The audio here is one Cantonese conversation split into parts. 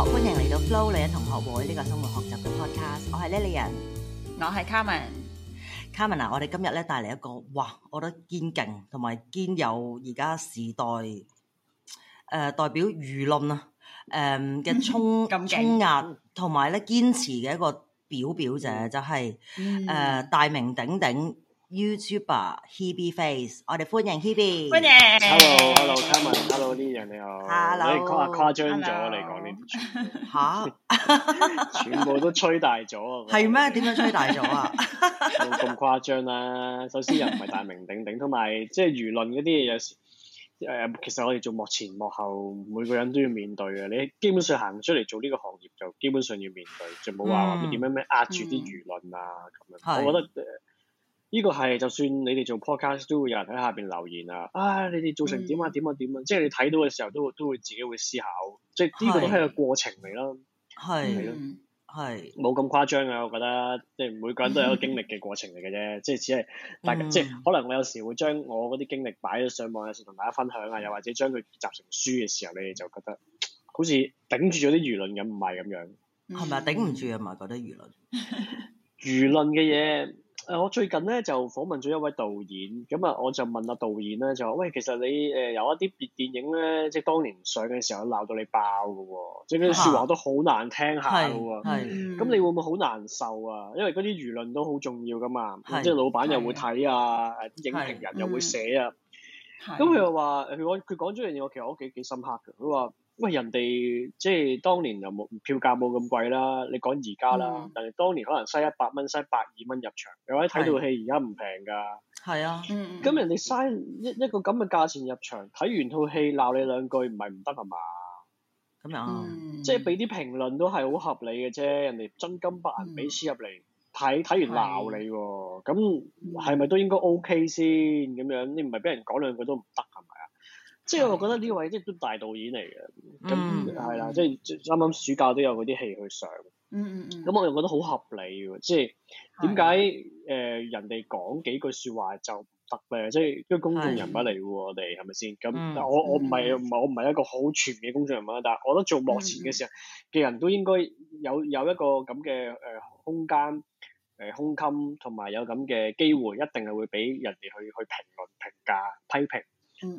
歡迎嚟到 Flo 女人同學會呢個生活學習嘅 podcast，我係 Lillian，我係 Carmen，Carmen 啊，我哋今日咧帶嚟一個哇，我覺得堅勁同埋堅有而家時代誒代表輿論啊誒嘅衝衝壓同埋咧堅持嘅一個表表者，就係誒大名鼎鼎。YouTuber Hebe Face，我哋歡迎 Hebe。歡迎。Hello，Hello，Kevin，Hello，呢樣你好。Hello。誇張咗你講呢啲。吓， 全部都吹大咗啊！係咩？ 點樣吹大咗 啊？冇咁誇張啦。首先又唔係大名鼎鼎，同埋即係輿論嗰啲嘢，有時誒，其實我哋做幕前幕後，每個人都要面對嘅。你基本上行出嚟做呢個行業，就基本上要面對，就冇話話點樣咩壓住啲輿論啊咁、嗯嗯、樣。我覺得。呢個係就算你哋做 podcast 都會有人喺下邊留言啊！哎、啊，你哋做成點啊點啊點啊！即係你睇到嘅時候都會都會自己會思考，即係呢個係一個過程嚟咯。係係冇咁誇張啊！我覺得即係每個人都有一個經歷嘅過程嚟嘅啫，即係只係大家即係可能我有時會將我嗰啲經歷擺咗上網，有時同大家分享啊，又或者將佢集成書嘅時候，你哋就覺得好似頂住咗啲輿論咁，唔係咁樣，係咪啊？頂唔住啊嘛，嗰啲 輿論輿論嘅嘢。誒我最近咧就訪問咗一位導演，咁啊我就問阿導演咧就話：喂，其實你誒、呃、有一啲別電影咧，即係當年上嘅時候鬧到你爆嘅喎，即係啲説話都好難聽下嘅喎。咁、啊、你會唔會好難受啊？因為嗰啲輿論都好重要噶嘛，是即係老闆又會睇啊，誒的影評人又會寫啊。咁佢又話：佢我佢講咗一樣嘢，我其實我幾幾深刻嘅。佢話。喂，人哋即係當年又冇票價冇咁貴啦，你講而家啦，但係、嗯、當年可能嘥一百蚊，嘥百二蚊入場，又或者睇套戲而家唔平噶，係啊，咁、嗯、人哋嘥一一個咁嘅價錢入場，睇完套戲鬧你兩句唔係唔得係嘛？咁樣，嗯嗯、即係俾啲評論都係好合理嘅啫，人哋真金白銀俾錢入嚟睇，睇完鬧你，咁係咪都應該 OK 先咁樣？你唔係俾人講兩句都唔得係咪？即係我覺得呢位即係都大導演嚟嘅，咁係、嗯、啦，即係啱啱暑假都有嗰啲戲去上，咁、嗯嗯、我又覺得好合理嘅，即係點解誒人哋講幾句説話就唔得咧？即係都公眾人物嚟嘅喎，我哋係咪先咁？我、嗯、我唔係唔我唔係一個好全面嘅公眾人物，但係我覺得做幕前嘅時候嘅、嗯嗯、人都應該有有一個咁嘅誒空間誒胸襟，同、呃、埋有咁嘅機會，一定係會俾人哋去去評論、評價、批評。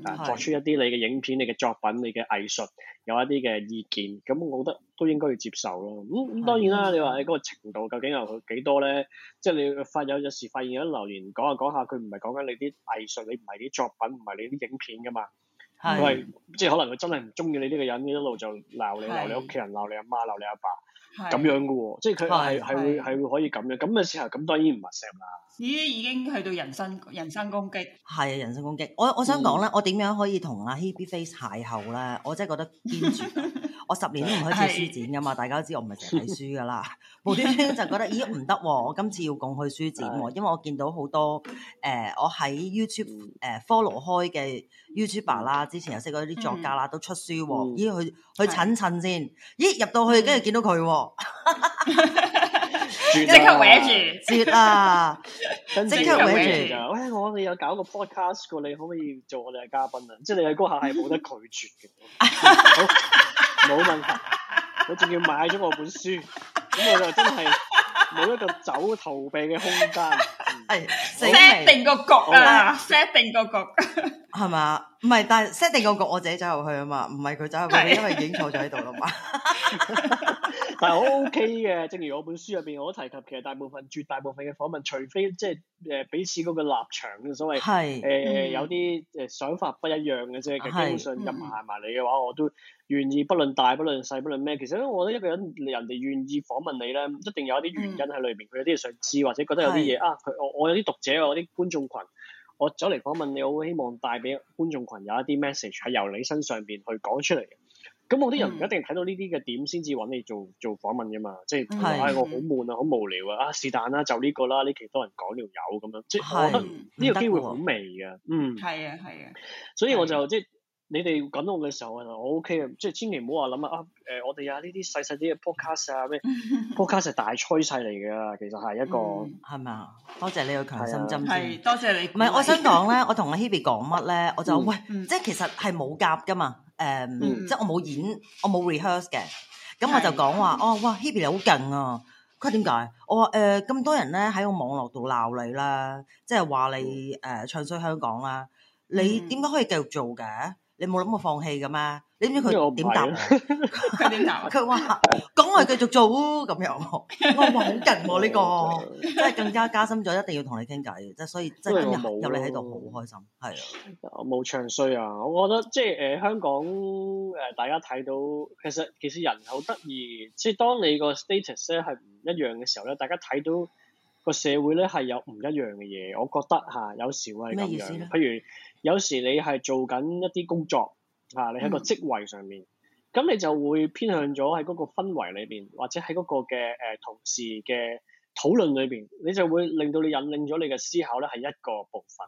啊，嗯、作出一啲你嘅影片、你嘅作品、你嘅藝術，有一啲嘅意見，咁我覺得都應該要接受咯。咁、嗯、咁當然啦、啊，是你話你嗰個程度究竟有幾多咧？即、就、係、是、你發有有時發現有留言講下講下，佢唔係講緊你啲藝術，你唔係啲作品，唔係你啲影片噶嘛。係是，佢係即係可能佢真係唔中意你呢個人，一路就鬧你，鬧是你屋企人，鬧你阿媽，鬧你阿爸咁樣噶喎、哦。即係佢係係會係會可以咁樣咁嘅時候，咁當然唔係 set 啦。咦，已經去到人身人身攻擊，係啊，人身攻擊。我我想講咧，我點樣可以同阿 HEBEFACE 邂逅咧？我真係覺得堅住。我十年都唔開始書展噶嘛，大家都知我唔係成日睇書噶啦。無端端就覺得咦唔得喎，我今次要共去書展喎，因為我見到好多誒、呃，我喺 YouTube 誒、呃、follow 開嘅 YouTuber 啦，之前又識嗰啲作家啦，都出書喎、喔。咦，去去襯襯先。咦，入到去跟住見到佢、喔。 即刻搵住，接啦！即刻搵住就，誒，我哋有搞個 podcast，過你可唔可以做我哋嘅嘉賓啊？即係你喺嗰下係冇得拒絕嘅，好冇問題。我仲要買咗我本書，咁我就真係冇一個走逃避嘅空間。係 set 定個局啊，set 定個局係嘛？唔係，但 set 定個局我自己走入去啊嘛，唔係佢走入去，因為已經坐咗喺度啦嘛。 但係好 OK 嘅，正如我本書入邊我提及，其實大部分絕大部分嘅訪問，除非即係誒彼此嗰個立場嘅所謂誒有啲誒想法不一樣嘅啫，其實基本上入埋埋嚟嘅話，我都願意不論大不論細不論咩，其實咧，我覺得一個人人哋願意訪問你咧，一定有一啲原因喺裏邊，佢、嗯、有啲想知或者覺得有啲嘢是啊，佢我我有啲讀者我有啲觀眾群。我走嚟訪問你，我好希望帶俾觀眾群有一啲 message 係由你身上邊去講出嚟嘅。咁我啲人唔一定睇到呢啲嘅點先至揾你做做訪問噶嘛，即係唉我好悶啊，好無聊啊，啊是但啦，就呢個啦，呢期多人講條友咁樣，即係我覺得呢個機會好微嘅，嗯。係啊係啊，所以我就即係你哋講到嘅時候，我 OK 啊，即係千祈唔好話諗啊，誒我哋啊呢啲細細啲嘅 podcast 啊，咩 podcast 係大趨勢嚟㗎，其實係一個係咪啊？多謝你個強心針先，係多謝你。唔係我想講咧，我同阿 Hebe 講乜咧，我就喂，即係其實係冇夾㗎嘛。誒，um, 嗯、即係我冇演，我冇 rehearse 嘅，咁我就講話的哦，哇 Hebe 你好勁啊！佢話點解？我話誒，咁、呃、多人咧喺個網絡度鬧你啦，即係話你誒、嗯呃、唱衰香港啦，你點解可以繼續做嘅？你冇諗過放棄噶咩？你知唔知佢點答我？佢點 答？佢話講我係繼續做咁樣， 樣，我好勁喎呢個， 真係更加加深咗。一定要同你傾偈，即係所以，即係今日有你喺度好開心，係啊。冇長衰啊！我覺得即係誒、呃，香港誒、呃，大家睇到其實其實人好得意，即係當你個 status 咧，係唔一樣嘅時候咧，大家睇到個社會咧，係有唔一樣嘅嘢。我覺得吓有時會係咁樣，譬如有時你係做緊一啲工作。啊！你喺個職位上面，咁、嗯、你就會偏向咗喺嗰個氛圍裏邊，或者喺嗰個嘅誒、呃、同事嘅討論裏邊，你就會令到你引領咗你嘅思考咧，係一個部分。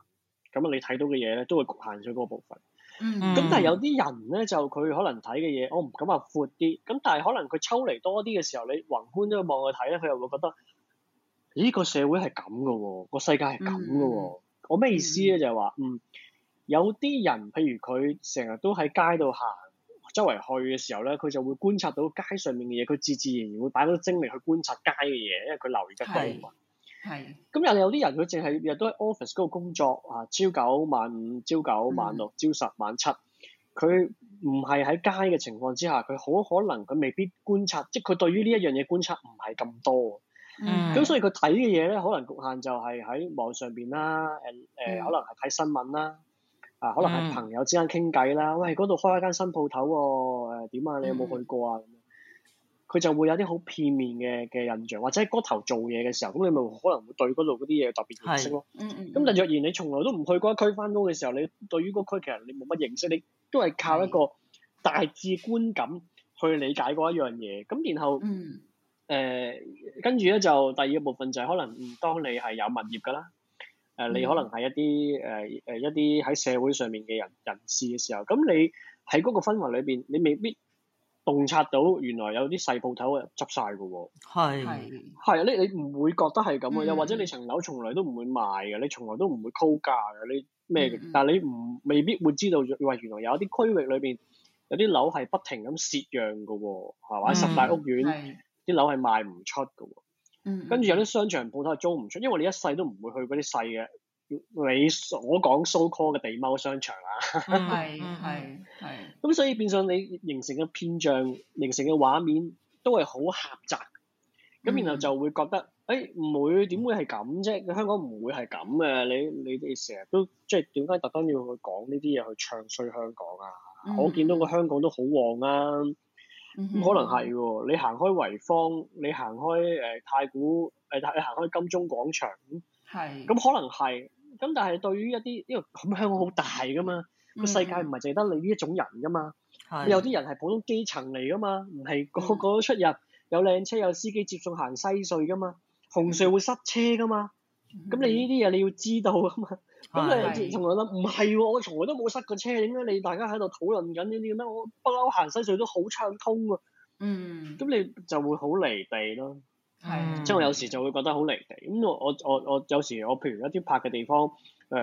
咁啊，你睇到嘅嘢咧，都會局限咗嗰個部分。嗯、嗯。咁但係有啲人咧，就佢可能睇嘅嘢，我唔敢話闊啲。咁但係可能佢抽離多啲嘅時候，你宏觀咗望佢睇咧，佢又會覺得，咦？這個社會係咁嘅喎，這個世界係咁嘅喎。嗯嗯，我咩意思咧？就係話，嗯。有啲人，譬如佢成日都喺街度行，周圍去嘅時候咧，佢就會觀察到街上面嘅嘢，佢自自然然會擺到精力去觀察街嘅嘢，因為佢留意得多啊。係。咁又有啲人佢淨係日都喺 office 嗰度工作啊，朝九晚五，朝九晚六，朝十晚七。佢唔係喺街嘅情況之下，佢好可能佢未必觀察，即係佢對於呢一樣嘢觀察唔係咁多。嗯。咁所以佢睇嘅嘢咧，可能局限就係喺網上邊啦，誒、呃、誒，可能係睇新聞啦。嗯。啊，可能係朋友之間傾偈啦。嗯、喂，嗰度開咗間新鋪頭喎，誒、呃，點啊？你有冇去過啊？佢、嗯、就會有啲好片面嘅嘅印象，或者喺嗰頭做嘢嘅時候，咁你咪可能會對嗰度嗰啲嘢特別認識咯。嗯、咁、嗯、但若然你從來都唔去嗰一區翻工嘅時候，你對於嗰區其實你冇乜認識，你都係靠一個大致觀感去理解嗰一樣嘢。咁然後，誒、嗯嗯呃，跟住咧就第二個部分就係可能，當你係有物業噶啦。誒，你可能係一啲誒誒一啲喺社會上面嘅人人士嘅時候，咁你喺嗰個氛圍裏邊，你未必洞察到原來有啲細鋪頭嘅執晒㗎喎。係係啊！你你唔會覺得係咁嘅，嗯、又或者你層樓從來都唔會賣嘅，你從來都唔會高價嘅，你咩？嗯、但係你唔未必會知道，哇、呃！原來有一啲區域裏邊有啲樓係不停咁蝕讓嘅喎，係嘛？嗯、十大屋苑啲樓係賣唔出㗎喎。是是跟住、嗯嗯、有啲商場鋪頭係租唔出，因為你一世都唔會去嗰啲細嘅，你所講 so called 嘅地踎商場啊，係係係，咁 所以變相你形成嘅偏象，形成嘅畫面都係好狹窄，咁然後就會覺得，誒唔、嗯嗯欸、會點會係咁啫？香港唔會係咁嘅，你你哋成日都即係點解特登要去講呢啲嘢去唱衰香港啊？嗯嗯，我見到個香港都好旺啊！咁、嗯、可能係喎，你行開維坊，你行開誒、呃、太古誒，但你行開金鐘廣場咁，咁是、嗯嗯、可能係。咁但係對於一啲，因為咁香港好大噶嘛，個世界唔係淨得你呢一種人噶嘛，是有啲人係普通基層嚟噶嘛，唔係個個都出入、嗯、有靚車有司機接送行西隧噶嘛，紅隧會塞車噶嘛，咁、嗯嗯、你呢啲嘢你要知道噶嘛。咁、嗯、你從來都唔係喎，我從來都冇塞過車，點解你大家喺度討論緊呢啲咁樣？我不嬲行西隧都好暢通喎、啊。嗯。咁你就會好離地咯，即係是我有時就會覺得好離地。咁我我我我有時我譬如一啲拍嘅地方誒，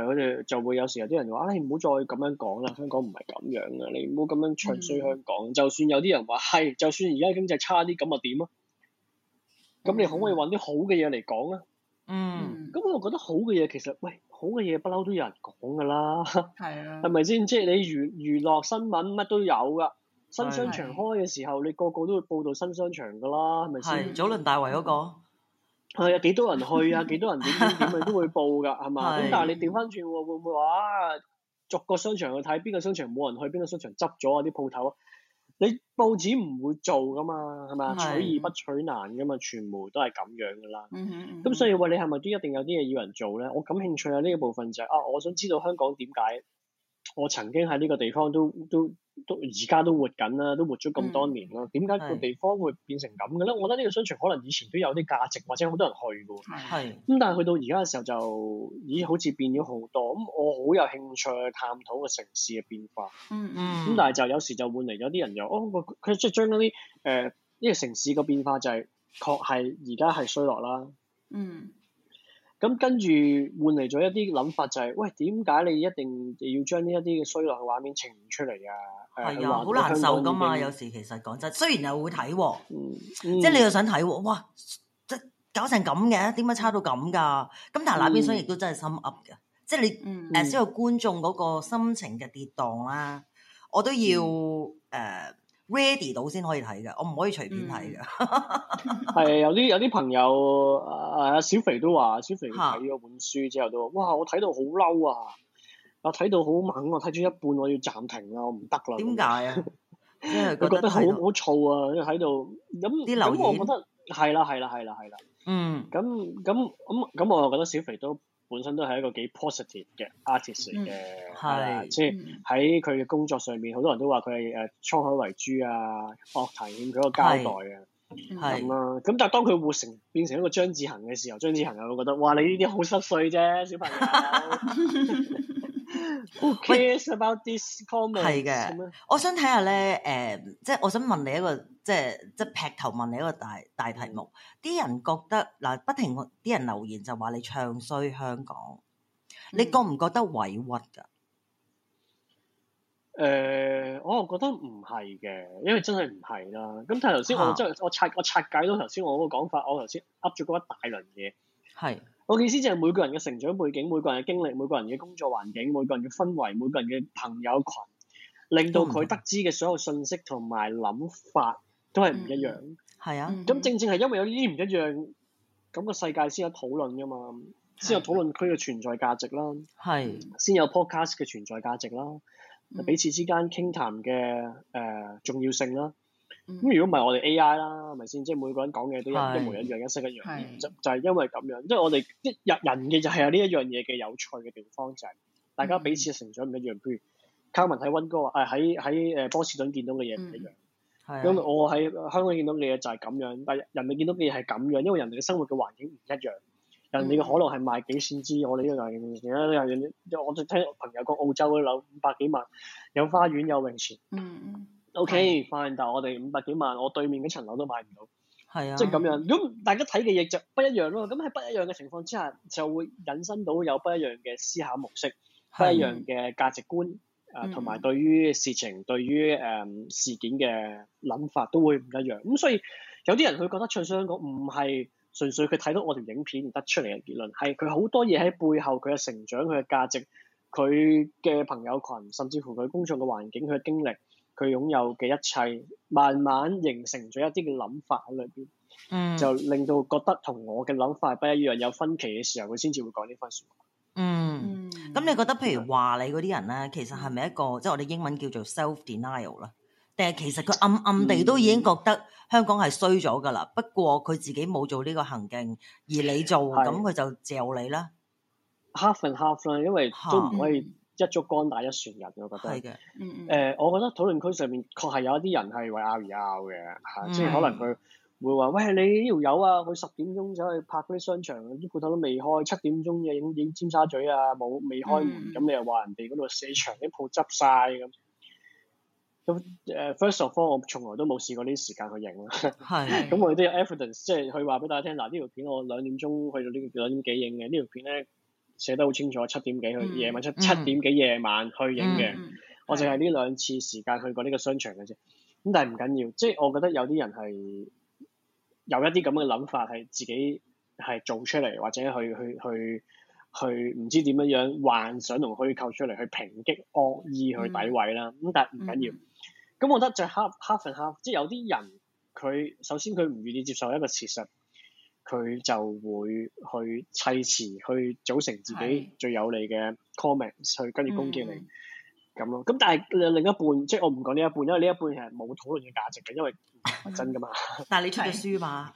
好、呃、似就會有時有啲人話：哎，你唔好再咁樣講啦，香港唔係咁樣噶，你唔好咁樣唱衰香港。嗯、就算有啲人話係，就算而家經濟差啲，咁啊點啊？咁你可唔可以揾啲好嘅嘢嚟講啊？嗯，咁、嗯嗯嗯嗯嗯、我覺得好嘅嘢其實，喂，好嘅嘢不嬲都有人講㗎啦，係是啊 是是，係咪先？即係你娛娛樂新聞乜都有㗎，新商場開嘅時候，是是你個個都會報道新商場㗎啦，係咪先？早輪大圍嗰個係啊、 嗯，幾多人去啊？幾多人點點點，咪都會報㗎，係嘛？ 咁但係你調翻轉喎，會唔會話逐個商場去睇邊個商場冇人去，邊個商場執咗啊？啲鋪頭。你報紙唔會做噶嘛，係咪啊？Mm hmm. 取易不取難噶嘛，傳媒都係咁樣噶啦。咁、mm hmm, mm hmm. 所以話你係咪都一定有啲嘢要人做咧？我感興趣啊，呢、呢個部分就係、係、啊，我想知道香港點解？我曾經喺呢個地方都都都而家都活緊啦、啊，都活咗咁多年啦、啊。點解、嗯、個地方會變成咁嘅咧？是我覺得呢個商場可能以前都有啲價值，或者好多人去嘅。係是。咁、嗯嗯、但係去到而家嘅時候就，咦？好似變咗好多。咁我好有興趣去探討個城市嘅變化。嗯嗯。咁、嗯、但係就有時就換嚟有啲人又：「哦，佢即係將嗰啲誒，因、呃、為、呢個、城市嘅變化就係、是、確係而家係衰落啦。」嗯。咁跟住換嚟咗一啲諗法、就係，就係喂點解你一定要將呢一啲嘅衰落嘅畫面呈現出嚟啊？係啊，好難受噶嘛！有時其實講真，雖然又會睇喎、啊，嗯、即係你又想睇喎、啊，哇！即係搞成咁嘅、啊，點解差到咁噶、啊？咁但係那邊廂亦都真係心噏嘅，嗯、即係你誒知道觀眾嗰個心情嘅跌宕啦、啊，我都要誒。嗯 uh, ready 到先可以睇嘅，我唔可以隨便睇嘅。係 有啲有啲朋友啊，小肥都話：小肥睇咗本書之後，都話：哇！我睇到好嬲啊！我睇到好猛，我睇咗一半，我要暫停啊，我唔得啦。點解啊？因為佢覺得好好燥啊，喺度咁你諗，我覺得係啦，係啦，係啦，係啦。嗯。咁咁咁咁，我又覺得小肥都。本身都係一個幾 positive 嘅 artist 嚟嘅，即係喺佢嘅工作上面，好多人都話佢係誒滄海為珠啊，樂壇欠佢個交代啊，咁咯。咁但係當佢活成變成一個張志恒嘅時候，張志恒又會覺得，嗯、哇！你呢啲好濕碎啫，小朋友。 Cares about this comment。係嘅，我想睇下咧，誒、嗯，即係我想問你一個，即係即係劈頭問你一個大大題目。啲、嗯、人覺得嗱、呃，不停啲人留言就話你唱衰香港，你覺唔覺得委屈㗎？誒、嗯呃，我又覺得唔係嘅，因為真係唔係啦。咁但係頭先我即係、啊、我，我拆我拆解到頭先我個講法，我頭先噏咗嗰一大輪嘢，係。我意思就係每個人嘅成長背景、每個人嘅經歷、每個人嘅工作環境、每個人嘅氛圍、每個人嘅朋友群，令到佢得知嘅所有信息同埋諗法都係唔一樣。係、嗯、啊，咁正正係因為有呢啲唔一樣，咁個世界先有討論噶嘛，先有討論區嘅存在價值啦，係先的有 podcast 嘅存在價值啦，的嗯、彼此之間傾談嘅誒、呃、重要性啦。咁、嗯、如果唔係我哋 A.I. 啦，係咪先？即係每個人講嘅嘢都一模是一樣、一式一樣，是就就係、是、因為咁樣。即係我哋啲日人嘅就係有呢一樣嘢嘅有趣嘅地方，就係、是、大家彼此成長唔一樣。譬、嗯、如卡文喺溫哥華，誒喺喺誒波士頓見到嘅嘢唔一樣。咁、嗯啊、我喺香港見到嘅嘢就係咁樣，但人哋見到嘅嘢係咁樣，因為人哋嘅生活嘅環境唔一樣。人哋嘅可能係賣幾千支，我哋呢樣嘢，我就聽朋友講澳洲嗰啲樓五百幾萬，有花園有泳池。嗯 O.K. fine，但係我哋五百幾萬，我對面嗰層樓都買唔到，係啊，即係咁樣。咁大家睇嘅嘢就不一樣咯。咁喺不一樣嘅情況之下，就會引申到有不一樣嘅思考模式、是不一樣嘅價值觀啊，同、呃、埋、嗯、對於事情、對於誒、嗯、事件嘅諗法都會唔一樣。咁所以有啲人佢覺得唱衰香港唔係純粹佢睇到我條影片得出嚟嘅結論，係佢好多嘢喺背後佢嘅成長、佢嘅價值、佢嘅朋友群，甚至乎佢工作嘅環境、佢嘅經歷。佢擁有嘅一切，慢慢形成咗一啲嘅諗法喺裏邊，就令到覺得同我嘅諗法係不一樣，有分歧嘅時候，佢先至會講呢番説話。嗯，咁你覺得譬如話你嗰啲人咧，其實係咪一個即係我哋英文叫做 self-denial 喇？定係其實佢暗暗地都已經覺得香港係衰咗噶啦。不過佢自己冇做呢個行徑，而你做咁佢就嚼你啦。Half and half 啦，因為都唔可以。一竹篙打一船人，我覺得，誒、嗯呃，我覺得討論區上面確係有一啲人係為拗而拗嘅，嚇、嗯，即係可能佢會話，喂，你呢條友啊，佢十點鐘走去拍嗰啲商場，啲鋪頭都未開，七點鐘嘅影影尖沙咀啊，冇未開門，咁、嗯、你又話人哋嗰度死場啲鋪執晒。咁，咁誒、呃，first of all，我從來都冇試過呢時間去影咯，咁的 我都有 evidence，即係佢話俾大家聽，嗱，呢條片我兩點鐘去到呢兩點幾影嘅，呢條片咧。寫得好清楚，七點幾去夜晚出、嗯、七,七點幾夜晚去影嘅，嗯、我淨係呢兩次時間去過呢個商場嘅啫。咁但係唔緊要，即係我覺得有啲人係有一啲咁嘅諗法，係自己係做出嚟，或者去去去去唔知點樣樣幻想同虛構出嚟，去抨擊惡意去詆毀啦。咁、嗯、但係唔緊要。咁、嗯、我覺得就 Half Half and Half 即係有啲人佢首先佢唔願意接受一個事實。佢就會去砌詞，去組成自己最有利嘅 comment，的去跟住攻擊你咁咯。咁、嗯、但係另一半，即、就、係、是、我唔講呢一半，因為呢一半係冇討論嘅價值嘅，因為係真噶嘛。 但係你出咗書嘛，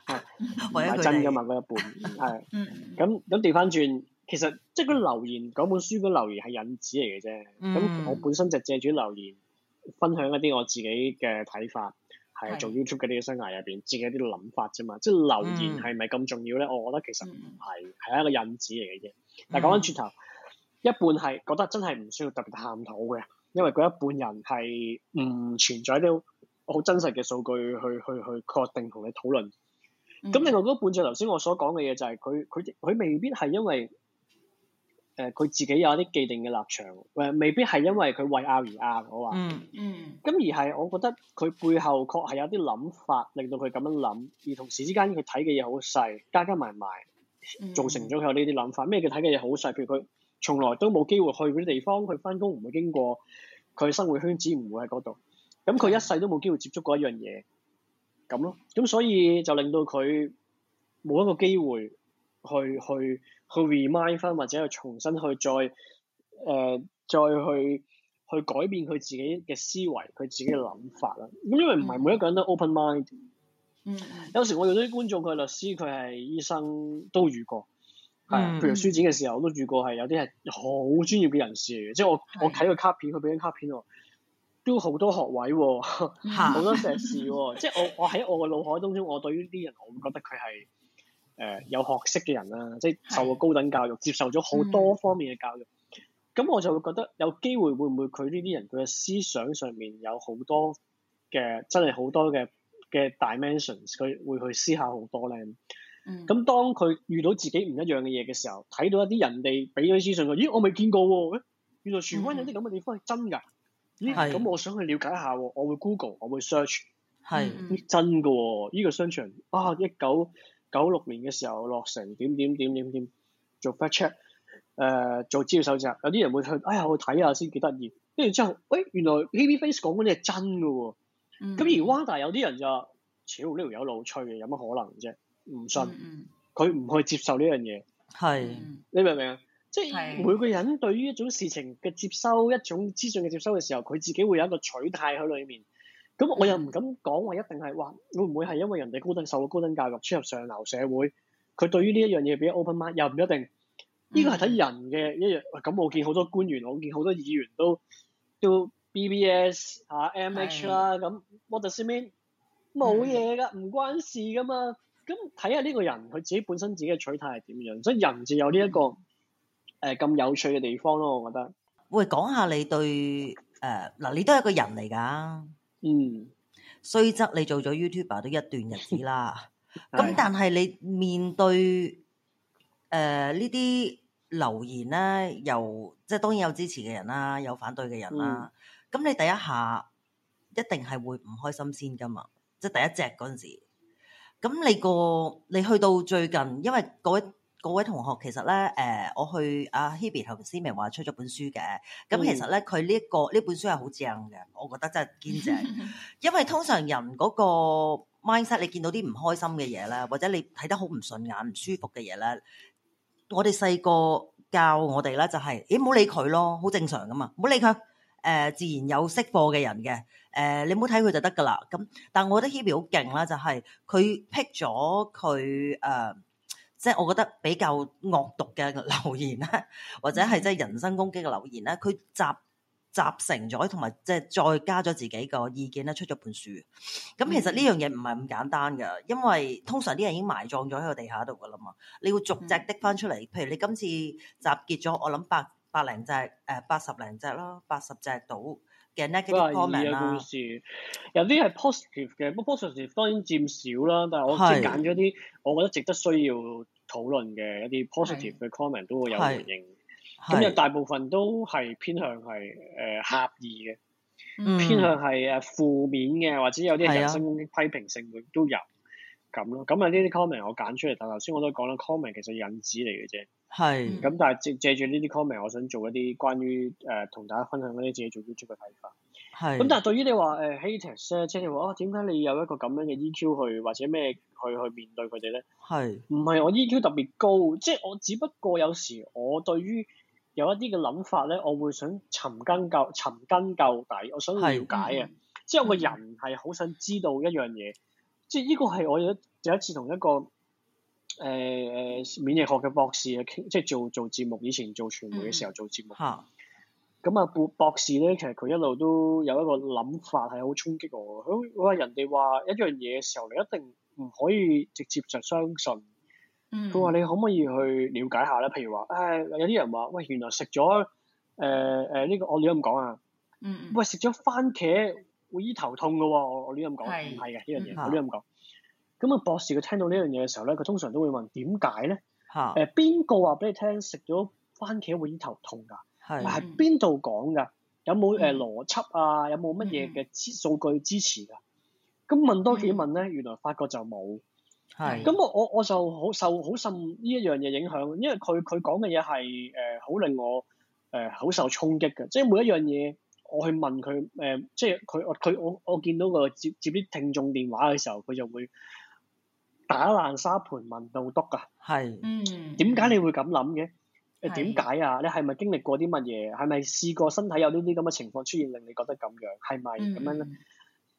唔係真噶嘛嗰一半。係、 嗯，咁咁調翻轉，其實即係嗰留言，講本書嗰留言係引子嚟嘅啫。咁、嗯嗯、我本身就借住留言分享一啲我自己嘅睇法。係做 YouTube 嘅呢個生涯入邊，的自己啲諗法啫嘛，即、就、係、是、留言係咪咁重要咧？嗯、我覺得其實唔係，係、嗯、一個引子嚟嘅啫。但講翻轉頭，嗯、一半係覺得真係唔需要特別探討嘅，因為嗰一半人係唔存在啲好真實嘅數據去去去，去確定同你討論。咁、嗯、另外嗰半隻，頭先我所講嘅嘢就係佢佢佢未必係因為。誒佢、呃、自己有啲既定嘅立場，誒、呃、未必係因為佢為拗而拗，我話、嗯，嗯嗯，咁而係我覺得佢背後確係有啲諗法，令到佢咁樣諗，而同時之間佢睇嘅嘢好細，加加埋埋造成咗佢有呢啲諗法。咩叫睇嘅嘢好細？譬如佢從來都冇機會去嗰啲地方，佢翻工唔會經過，佢生活圈子唔會喺嗰度，咁佢一世都冇機會接觸過一樣嘢，咁咯，咁所以就令到佢冇一個機會去去。去 remind 翻或者去重新去再，誒、呃，再去去改變佢自己嘅思維，佢自己嘅諗法啦。咁因為唔係每一個人都 open mind，嗯，有時我遇到啲觀眾，佢係律師，佢係醫生，都遇過，係、嗯、譬如書展嘅時候我都遇過，係有啲係好專業嘅人士嚟嘅，即係我我睇個卡片，佢俾張卡片我，都好多學位好 多碩士 即係我我喺我嘅腦海當中，我對於啲人，我會覺得佢係。誒、呃、有學識嘅人啦，即係受過高等教育，接受咗好多方面嘅教育，咁、嗯、我就會覺得有機會會唔會佢呢啲人佢嘅思想上面有好多嘅真係好多嘅嘅 dimensions，佢會去思考好多咧。咁、嗯、當佢遇到自己唔一樣嘅嘢嘅時候，睇到一啲人哋俾咗啲資訊佢，咦，我未見過喎、啊，原來荃灣有啲咁嘅地方係真㗎，咦咁、嗯、我想去了解一下喎、啊，我會 Google，我會 search，係、嗯嗯、真㗎喎、啊，依、呢個商場啊一九九六年嘅時候落成點點點點點做 fact check，誒、呃、做資料搜集，有啲人會去，哎呀去睇下先幾得意，跟住之後，誒、欸、原來 HEBEFACE 講嗰啲係真㗎喎、哦，咁、嗯、而 o n d a 有啲人就，操呢條友老吹嘅，有乜可能啫？唔信，佢唔、嗯、去接受呢樣嘢，係是，你明唔明啊？是即係每個人對於一種事情嘅接收，一種資訊嘅接收嘅時候，佢自己會有一個取態喺裏面。咁我又唔敢講話，一定係話會唔會係因為人哋高等受咗高等教育，出入上流社會，佢對於呢一樣嘢比較 open mind，又唔一定。呢個係睇人嘅一樣。咁、嗯、我見好多官員，我見好多議員都都 B B S 嚇、啊、M H 啦的。咁 what does mean 冇嘢㗎，唔關事㗎嘛。咁睇下呢個人佢自己本身自己嘅取態係點樣，所以人就有呢、這、一個誒咁、嗯呃、有趣嘅地方咯。我覺得喂，講下你對誒嗱、呃，你都係個人嚟㗎。嗯，雖則你做咗 YouTuber 都一段日子啦，咁 但係你面對誒呢啲留言咧，又即係當然有支持嘅人啦，有反對嘅人啦，咁、嗯、你第一下一定係會唔開心先噶嘛，即係第一隻陣時，咁你個你去到最近，因為一。各位同學，其實咧，誒、呃，我去阿 Hebe 頭先咪話出咗本書嘅，咁其實咧，佢呢一個呢本書係好正嘅，我覺得真係堅正。因為通常人嗰個 mindset，你見到啲唔開心嘅嘢啦，或者你睇得好唔順眼、唔舒服嘅嘢啦，我哋細個教我哋咧就係、是，咦，唔好理佢咯，好正常噶嘛，唔好理佢。誒、呃，自然有識貨嘅人嘅，誒、呃，你唔好睇佢就得噶啦。咁、嗯，但係我覺得 Hebe 好勁啦，就係佢 pick 咗佢誒。即係我覺得比較惡毒嘅留言咧，或者係即係人身攻擊嘅留言咧，佢集集成咗，同埋即係再加咗自己個意見咧，出咗本書。咁其實呢樣嘢唔係咁簡單㗎，因為通常啲人已經埋葬咗喺個地下度噶啦嘛，你要逐隻滴翻出嚟。嗯、譬如你今次集結咗，我諗百百零隻，誒八十零隻啦，八十隻到嘅 negative comment 啦，有啲係 positive 嘅，不過 positive 當然佔少啦。但係我先揀咗啲我覺得值得需要，討論嘅一啲 positive 嘅是 comment 都會有回應，咁又大部分都係偏向係誒刻意嘅，嗯、偏向係誒、呃、負面嘅，或者有啲人身攻擊、批評性嘅都有咁、啊、咯。咁啊呢啲 comment 我揀出嚟，但頭先我都講啦，comment 其實引子嚟嘅啫，咁是、嗯、但係借借住呢啲 comment，我想做一啲關於誒同、呃、大家分享一啲自己做 YouTube 嘅睇法。係，咁是但係對於你話誒 haters 啊，即係你話啊，點解你有一個咁樣嘅 EQ 去或者咩去去面對佢哋咧？係是，唔係我 EQ 特別高，即、就、係、是、我只不過有時我對於有一啲嘅諗法咧，我會想尋根究尋根究底，我想了解啊。即係、嗯、我個人係好想知道一樣嘢，即係呢個係我有有一次同一個誒誒、呃、免疫學嘅博士嘅傾，即、就、係、是、做做節目，以前做傳媒嘅時候做節目。嗯啊咁啊，博博士咧，其實佢一路都有一個諗法係好衝擊我的的。佢佢話人哋話一樣嘢嘅時候，你一定唔可以直接就相信。嗯。佢話：你可唔可以去了解下咧？譬如話，誒、哎、有啲人話，喂，原來食咗誒誒呢個我亂咁講啊。嗯，喂，食咗番茄會醫頭痛㗎，我我亂咁講，唔係嘅呢樣嘢，我亂咁講。咁啊，博士佢聽到呢樣嘢嘅時候咧，佢通常都會問點解咧？嚇、嗯。誒、呃，邊個話俾你聽食咗番茄會醫頭痛㗎？係，係邊度講噶？有冇誒邏輯啊？有冇乜嘢嘅支數據支持噶？咁問多幾問咧，原來發覺就冇。係是。咁我我我就好受好受呢一樣嘢影響，因為佢佢講嘅嘢係誒好令我誒好、呃、受衝擊嘅。即係每一樣嘢，我去問佢誒、呃，即係佢佢我我見到個接接啲聽眾電話嘅時候，佢就會打爛沙盤問到篤噶。係是。嗯。點解你會咁諗嘅？誒，點解啊？你係咪經歷過啲乜嘢？係咪試過身體有呢啲咁嘅情況出現，令你覺得咁樣？係咪咁樣咧？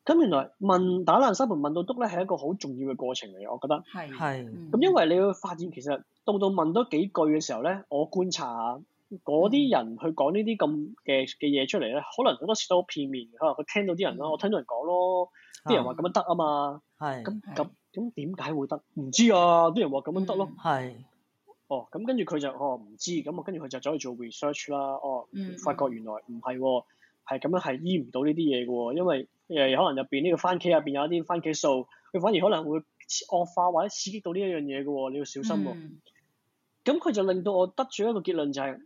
咁原來問打爛沙盤問到篤咧，係一個好重要嘅過程嚟，我覺得。係係。咁因為你會發現，其實到到問多幾句嘅時候咧，我觀察下，嗰啲人去講呢啲咁嘅嘅嘢出嚟咧，可能好多時都好片面。可能佢聽到啲人咯，我聽到人講咯，啲人話咁樣得啊嘛，係咁咁咁，點解會得？唔知啊，啲人話咁樣得咯，係。哦，咁跟住佢就哦，唔知，咁啊跟住佢就走去做 research 啦。哦，發覺原來唔係喎，係咁樣係醫唔到呢啲嘢嘅喎，因為誒可能入邊呢個番茄入邊有一啲番茄素，佢反而可能會惡化或者刺激到呢一樣嘢嘅喎，你要小心喎。咁佢就令到我得出一個結論就係，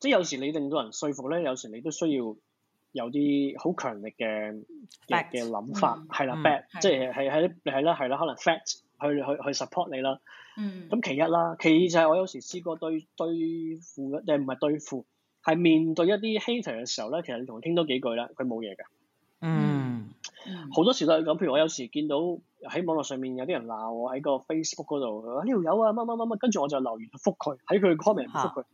即係有時你令到人說服咧，有時你都需要有啲好強力嘅嘅嘅諗法，係啦，fact，即係係係咧係啦，可能 fact。去去去 support 你啦。嗯。咁其一啦，其二就係我有時試過對對付嘅，誒唔係對付，係面對一啲 hater 嘅時候咧，其實同佢傾多幾句啦，佢冇嘢㗎。嗯。好多時都係咁，譬如我有時見到喺網絡上面有啲人鬧我喺個 Facebook 嗰度，呢度有啊乜乜乜乜，跟住我就留言去覆佢，喺佢 comment 去覆佢。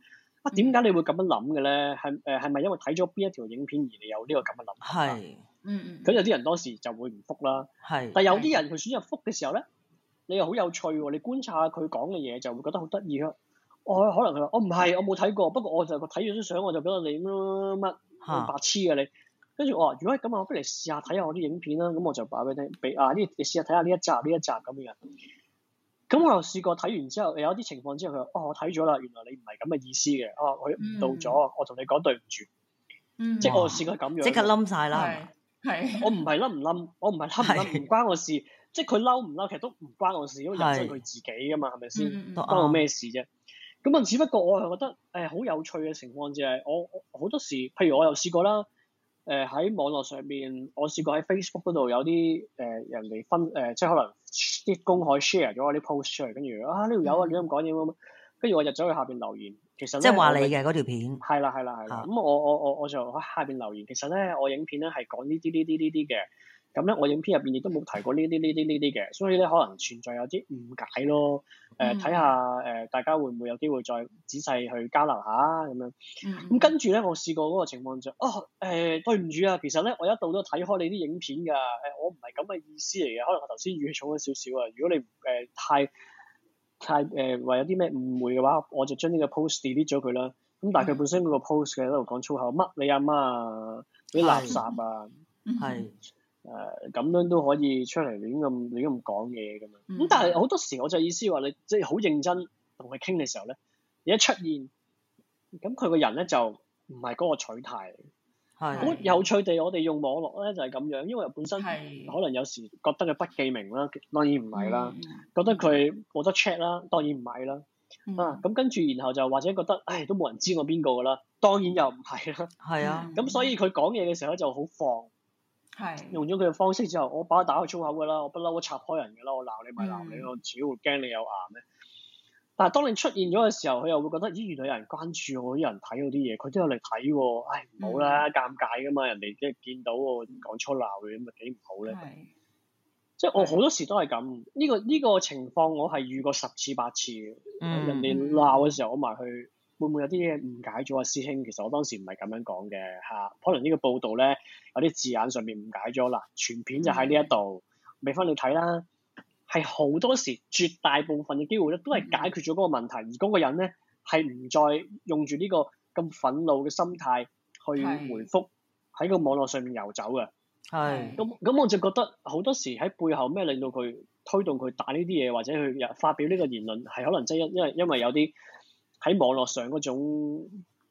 啊，點解、啊嗯、你會咁樣諗嘅咧？係誒係咪因為睇咗邊一條影片而你有個呢個咁嘅諗？係是。嗯咁有啲人當時就會唔覆啦。係是。是但有啲人佢選擇覆嘅時候咧。你又好有趣喎、哦！你觀察下佢講嘅嘢，就會覺得好得意咯。我、哦、可能佢話：哦、 我唔係，我冇睇過。不過我就睇咗啲相，我就俾我你乜乜白痴嘅你。跟住我話：如果咁啊，我不如嚟試下睇下我啲影片啦。咁我就擺俾你，俾啊呢，你試下睇下呢一集呢一集咁樣。咁我又試過睇完之後，有一啲情況之後，佢話：哦，我睇咗啦，原來你唔係咁嘅意思嘅。啊，我誤導咗， 我同你講對唔住。即係我試過咁樣。即刻冧晒啦！係。我唔係冧唔冧，我唔係冧唔冧，唔關我事。 即係佢嬲唔嬲，其實都唔關我事，因為人生係佢自己噶嘛，係咪先？是是關我咩事啫？咁啊、嗯，只不過我係覺得，誒、呃、好有趣嘅情況就係，我好多時，譬如我又試過啦，誒、呃、喺網絡上面，我試過喺 Facebook 嗰度有啲誒、呃、人哋分，誒、呃、即係可能啲公開 share 咗啲 post 出嚟，跟住啊呢度有啊你咁講嘢咁，跟、這、住、個、我入咗去下邊留言。其實呢即係話你嘅嗰條片。係啦係啦係啦。咁、嗯、我我我我就喺下邊留言。其實咧，我影片咧係講呢啲呢啲呢啲嘅。咁咧，我影片入邊亦都冇提過呢啲呢啲呢啲嘅，所以咧可能存在有啲誤解咯。誒、呃，睇下誒、呃，大家會唔會有機會再仔細去交流下咁樣？咁跟住咧，我試過嗰個情況就，哦誒、呃，對唔住啊，其實咧，我一度都睇開你啲影片噶。誒、呃，我唔係咁嘅意思嚟嘅，可能我頭先語氣重咗少少啊。如果你誒、呃、太太誒話、呃、有啲咩誤會嘅話，我就將呢個 post delete 咗佢啦。咁但係佢本身嗰個 post 嘅喺度講粗口，乜你阿媽啊啲垃圾啊，係。 誒，咁樣都可以出嚟亂咁亂咁講嘢咁樣，咁、嗯、但係好多時我就意思話，你即係好認真同佢傾嘅時候咧，你一出現，咁佢個人咧就唔係嗰個取態。係好是有趣地，我哋用網絡咧就係、是、咁樣，因為本身可能有時覺得佢不記名啦，當然唔係啦，的覺得佢冇得 check 啦，當然唔係啦。嗯、啊，咁跟住然後就或者覺得，唉、哎，都冇人知我邊個噶啦，當然又唔係啦。係啊的。咁、嗯、所以佢講嘢嘅時候就好放。係是用咗佢嘅方式之後，我把佢打開粗口噶啦，我不嬲我插開人噶啦，我鬧你咪鬧你，嗯、我只會驚你有牙咩？但係當你出現咗嘅時候，佢又會覺得咦，原來有人關注我，有人睇我啲嘢，佢都有嚟睇喎。唉，唔好啦，嗯、尷尬噶嘛，人哋即係見到我講粗鬧你咁咪幾唔好咧。是即係我好多時都係咁呢個呢、呢個情況，我係遇過十次八次，嗯、人哋鬧嘅時候我埋去。會唔會有啲嘢誤解咗啊？師兄，其實我當時唔係咁樣講嘅嚇，可能呢個報道咧有啲字眼上面誤解咗啦。全片就喺呢一度未翻你睇啦，係好多時絕大部分嘅機會咧都係解決咗嗰個問題，嗯、而嗰個人咧係唔再用住呢個咁憤怒嘅心態去回覆喺是個網絡上面遊走嘅。係咁咁，嗯、是我就覺得好多時喺背後咩令到佢推動佢打呢啲嘢，或者佢又發表呢個言論，係可能真係因因為因為有啲。喺網絡上嗰種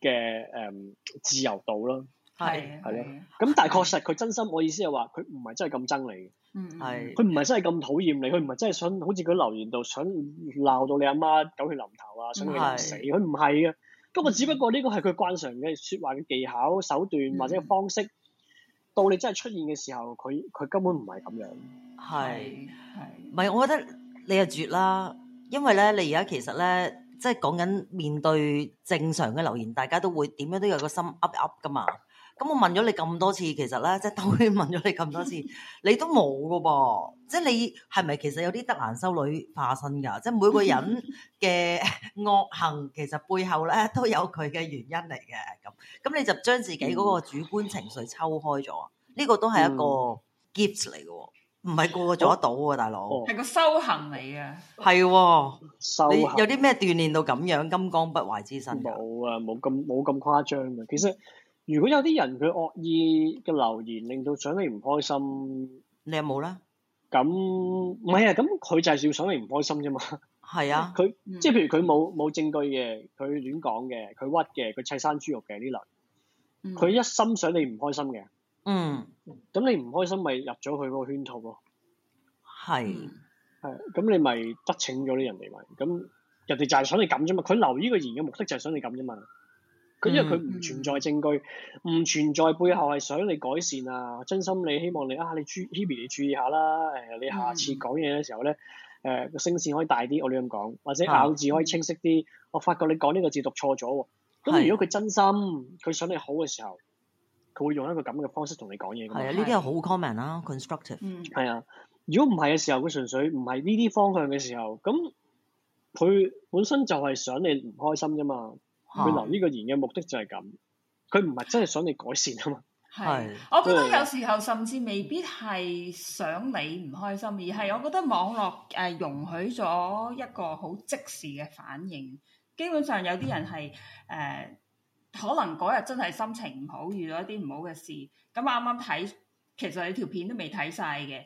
嘅誒自由度咯，係係咯，咁但係確實佢真心，我意思係話佢唔係真係咁憎你，嗯係，佢唔係真係咁討厭你，佢唔係真係想好似佢留言度想鬧到你阿媽狗血淋頭啊，想你死，佢唔係嘅。咁我只不過呢個係佢慣常嘅說話嘅技巧、手段或者方式，到你真係出現嘅時候，佢佢根本唔係咁樣，係係，唔係我覺得你係絕啦，因為咧你而家其實咧。即係講緊面對正常嘅留言，大家都會點樣都有個心噏噏噶嘛？咁我問咗你咁多次，其實咧，即係都問咗你咁多次， 你都冇噶噃。即係你係咪其實有啲德蘭修女化身㗎？即係每個人嘅惡行其實背後咧都有佢嘅原因嚟嘅。咁咁你就將自己嗰個主觀情緒抽開咗，呢 個都係一個 gift 嚟嘅喎。唔係過咗到喎，大佬，係個修行嚟嘅，係喎，修有啲咩鍛鍊到咁樣金剛不壞之身㗎？冇啊，冇咁冇咁誇張嘅。其實如果有啲人佢惡意嘅留言，令到想你唔開心，你有冇咧？咁唔係啊，咁佢就係要想你唔開心啫嘛。係啊，佢即係譬如佢冇冇證據嘅，佢亂講嘅，佢屈嘅，佢砌生豬肉嘅呢類，佢一心想你唔開心嘅。嗯，咁你唔開心咪入咗佢嗰個圈套咯，係，係，咁你咪得逞咗啲人嚟咪，咁人哋就係想你咁啫嘛，佢留呢個言嘅目的就係想你咁啫嘛，佢因為佢唔存在證據，唔、mm. 存在背後係想你改善啊，真心你希望你啊，你注 Hebe 你注意下啦，誒你下次講嘢嘅時候咧，誒個、mm. 呃、聲線可以大啲，我哋咁講，或者咬字可以清晰啲，是我發覺你講呢個字讀錯咗喎、啊，咁如果佢真心佢想是是你好嘅時候。佢會用一個咁嘅方式同你講嘢咁。係啊，呢啲係好 common 啦，constructive，係啊，如果唔係嘅時候，佢純粹唔係呢啲方向嘅時候，咁佢本身就係想你唔開心啫嘛。佢、啊、留呢個言嘅目的就係咁，佢唔係真係想你改善啊嘛。係是，以我覺得有時候甚至未必係想你唔開心，而係我覺得網絡誒、呃、容許咗一個好即時嘅反應，基本上有啲人係誒。嗯呃可能嗰日真係心情唔好，遇到一啲唔好嘅事。咁啱啱睇，其實你條片都未睇晒嘅。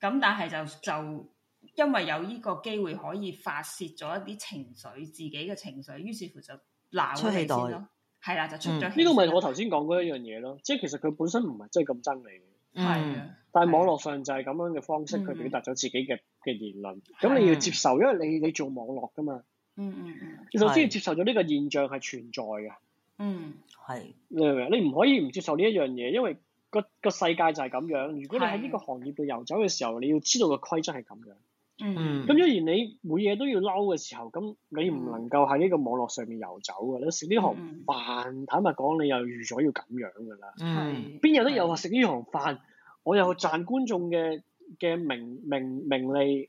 咁但係就就因為有呢個機會，可以發泄咗一啲情緒，自己嘅情緒，於是乎就鬧出氣袋咯。係啦，就出咗呢、嗯嗯這個咪我頭先講嗰一樣嘢咯。即係其實佢本身唔係真係咁憎你嘅，係啊、嗯。但係網絡上就係咁樣嘅方式，去表達咗自己嘅嘅言論。咁、嗯、你要接受，因為你你做網絡㗎嘛。嗯嗯嗯。首先要接受咗呢個現象係存在嘅。嗯，係你唔可以唔接受呢一樣嘢，因為個個世界就係咁樣。如果你喺呢個行業度遊走嘅時候，是你要知道個規則係咁樣。嗯，咁若然你每嘢都要嬲嘅時候，咁你唔能夠喺呢個網絡上面遊走嘅。你食呢行飯，嗯、坦白講，你又預咗要咁樣噶啦。係邊、嗯、是有得又話食呢行飯，是我又賺觀眾嘅嘅名名名、名利，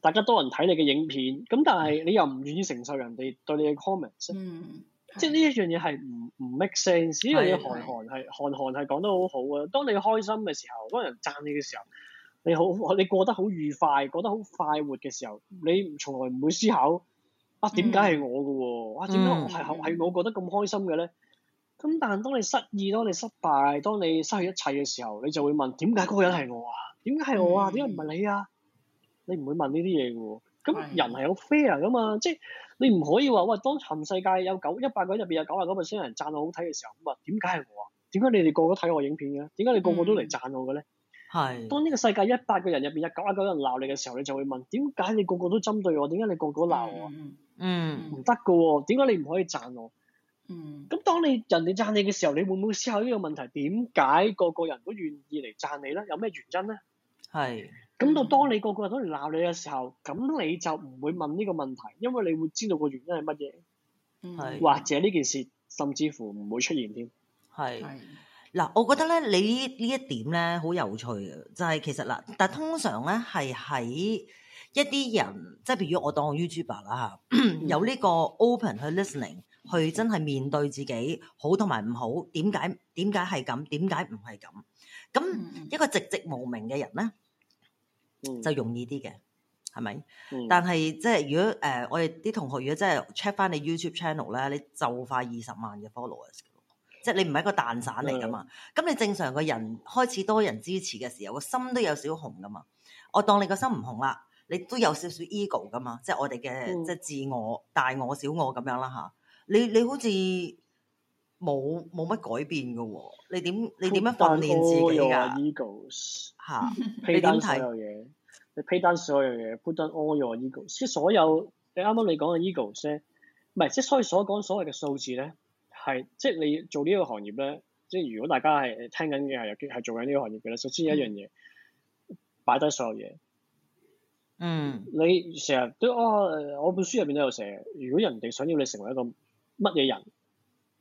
大家多人睇你嘅影片，咁但係你又唔願意承受人哋對你嘅 comments。嗯即係呢一樣嘢係唔唔 make sense，呢樣嘢韓寒係韓寒係講得好好啊！當你開心嘅時候，當人讚你嘅時候，你好你過得好愉快，過得好快活嘅時候，你從來唔會思考，啊點解係我嘅喎？啊點解係係我覺得咁開心嘅咧？咁但係當你失意、當你失敗、當你失去一切嘅時候，你就會問，點解嗰個人係我啊？點解係我啊？點解唔係你啊？你唔會問呢啲嘢嘅喎？咁人係有 fair 嘅嘛？即係。你唔可以話，喂，當全世界有九一百個人入邊有九十九個先人贊我好睇嘅時候，咁啊，點解係我啊？點解你哋個個睇我影片嘅？點解你個個都嚟贊我嘅咧？係、嗯。當呢個世界一百個人入邊有九十九人鬧你嘅時候，你就會問：點解你個個都針對我？點解你個個鬧我嗯？嗯，唔得噶喎。點解你唔可以贊我？嗯。咁當你人哋贊你嘅時候，你會唔會思考呢個問題？點解個個人都願意嚟贊你咧？有咩原因咧？係。咁到、嗯、當你個個人都嚟鬧你嘅時候，咁你就唔會問呢個問題，因為你會知道個原因係乜嘢。是或者呢件事甚至乎唔會出現添。係嗱是是，我覺得咧，你呢一點咧好有趣嘅，就係、是、其實嗱，但通常咧係喺一啲人，即係譬如我當我 YouTuber 啦嚇，嗯、 有呢個 open 去 listening 去真係面對自己好同埋唔好，點解，點解係咁，點解唔係咁咁一個籍籍無名嘅人咧。就容易啲嘅，係咪？嗯、但係即係如果誒、呃，我哋啲同學如果真係 check 翻你 YouTube channel 咧，你就快二十萬嘅 followers 嘅，即係你唔係一個蛋散嚟噶嘛。咁、嗯、你正常嘅人開始多人支持嘅時候，個心都有少少紅噶嘛。我當你個心唔紅啦，你都有少少 ego 噶嘛，即係我哋嘅、嗯、即係自我、大我、小我咁樣啦吓、啊。你你好似。冇冇乜改變嘅喎？你點 Put down 你點樣訓練自己㗎？嚇，put down 所有嘢，你 put down 所有嘢，put down all your egos。即係所有你啱啱你講嘅 egos 咧，唔係即係所以所講所謂嘅數字咧，係即係你做呢個行業咧，即係如果大家係聽緊嘅係係做緊呢個行業嘅咧，首先一樣嘢，擺低所有嘢。嗯。你成日都哦，我本書入邊都有成，如果人哋想要你成為一個乜嘢人？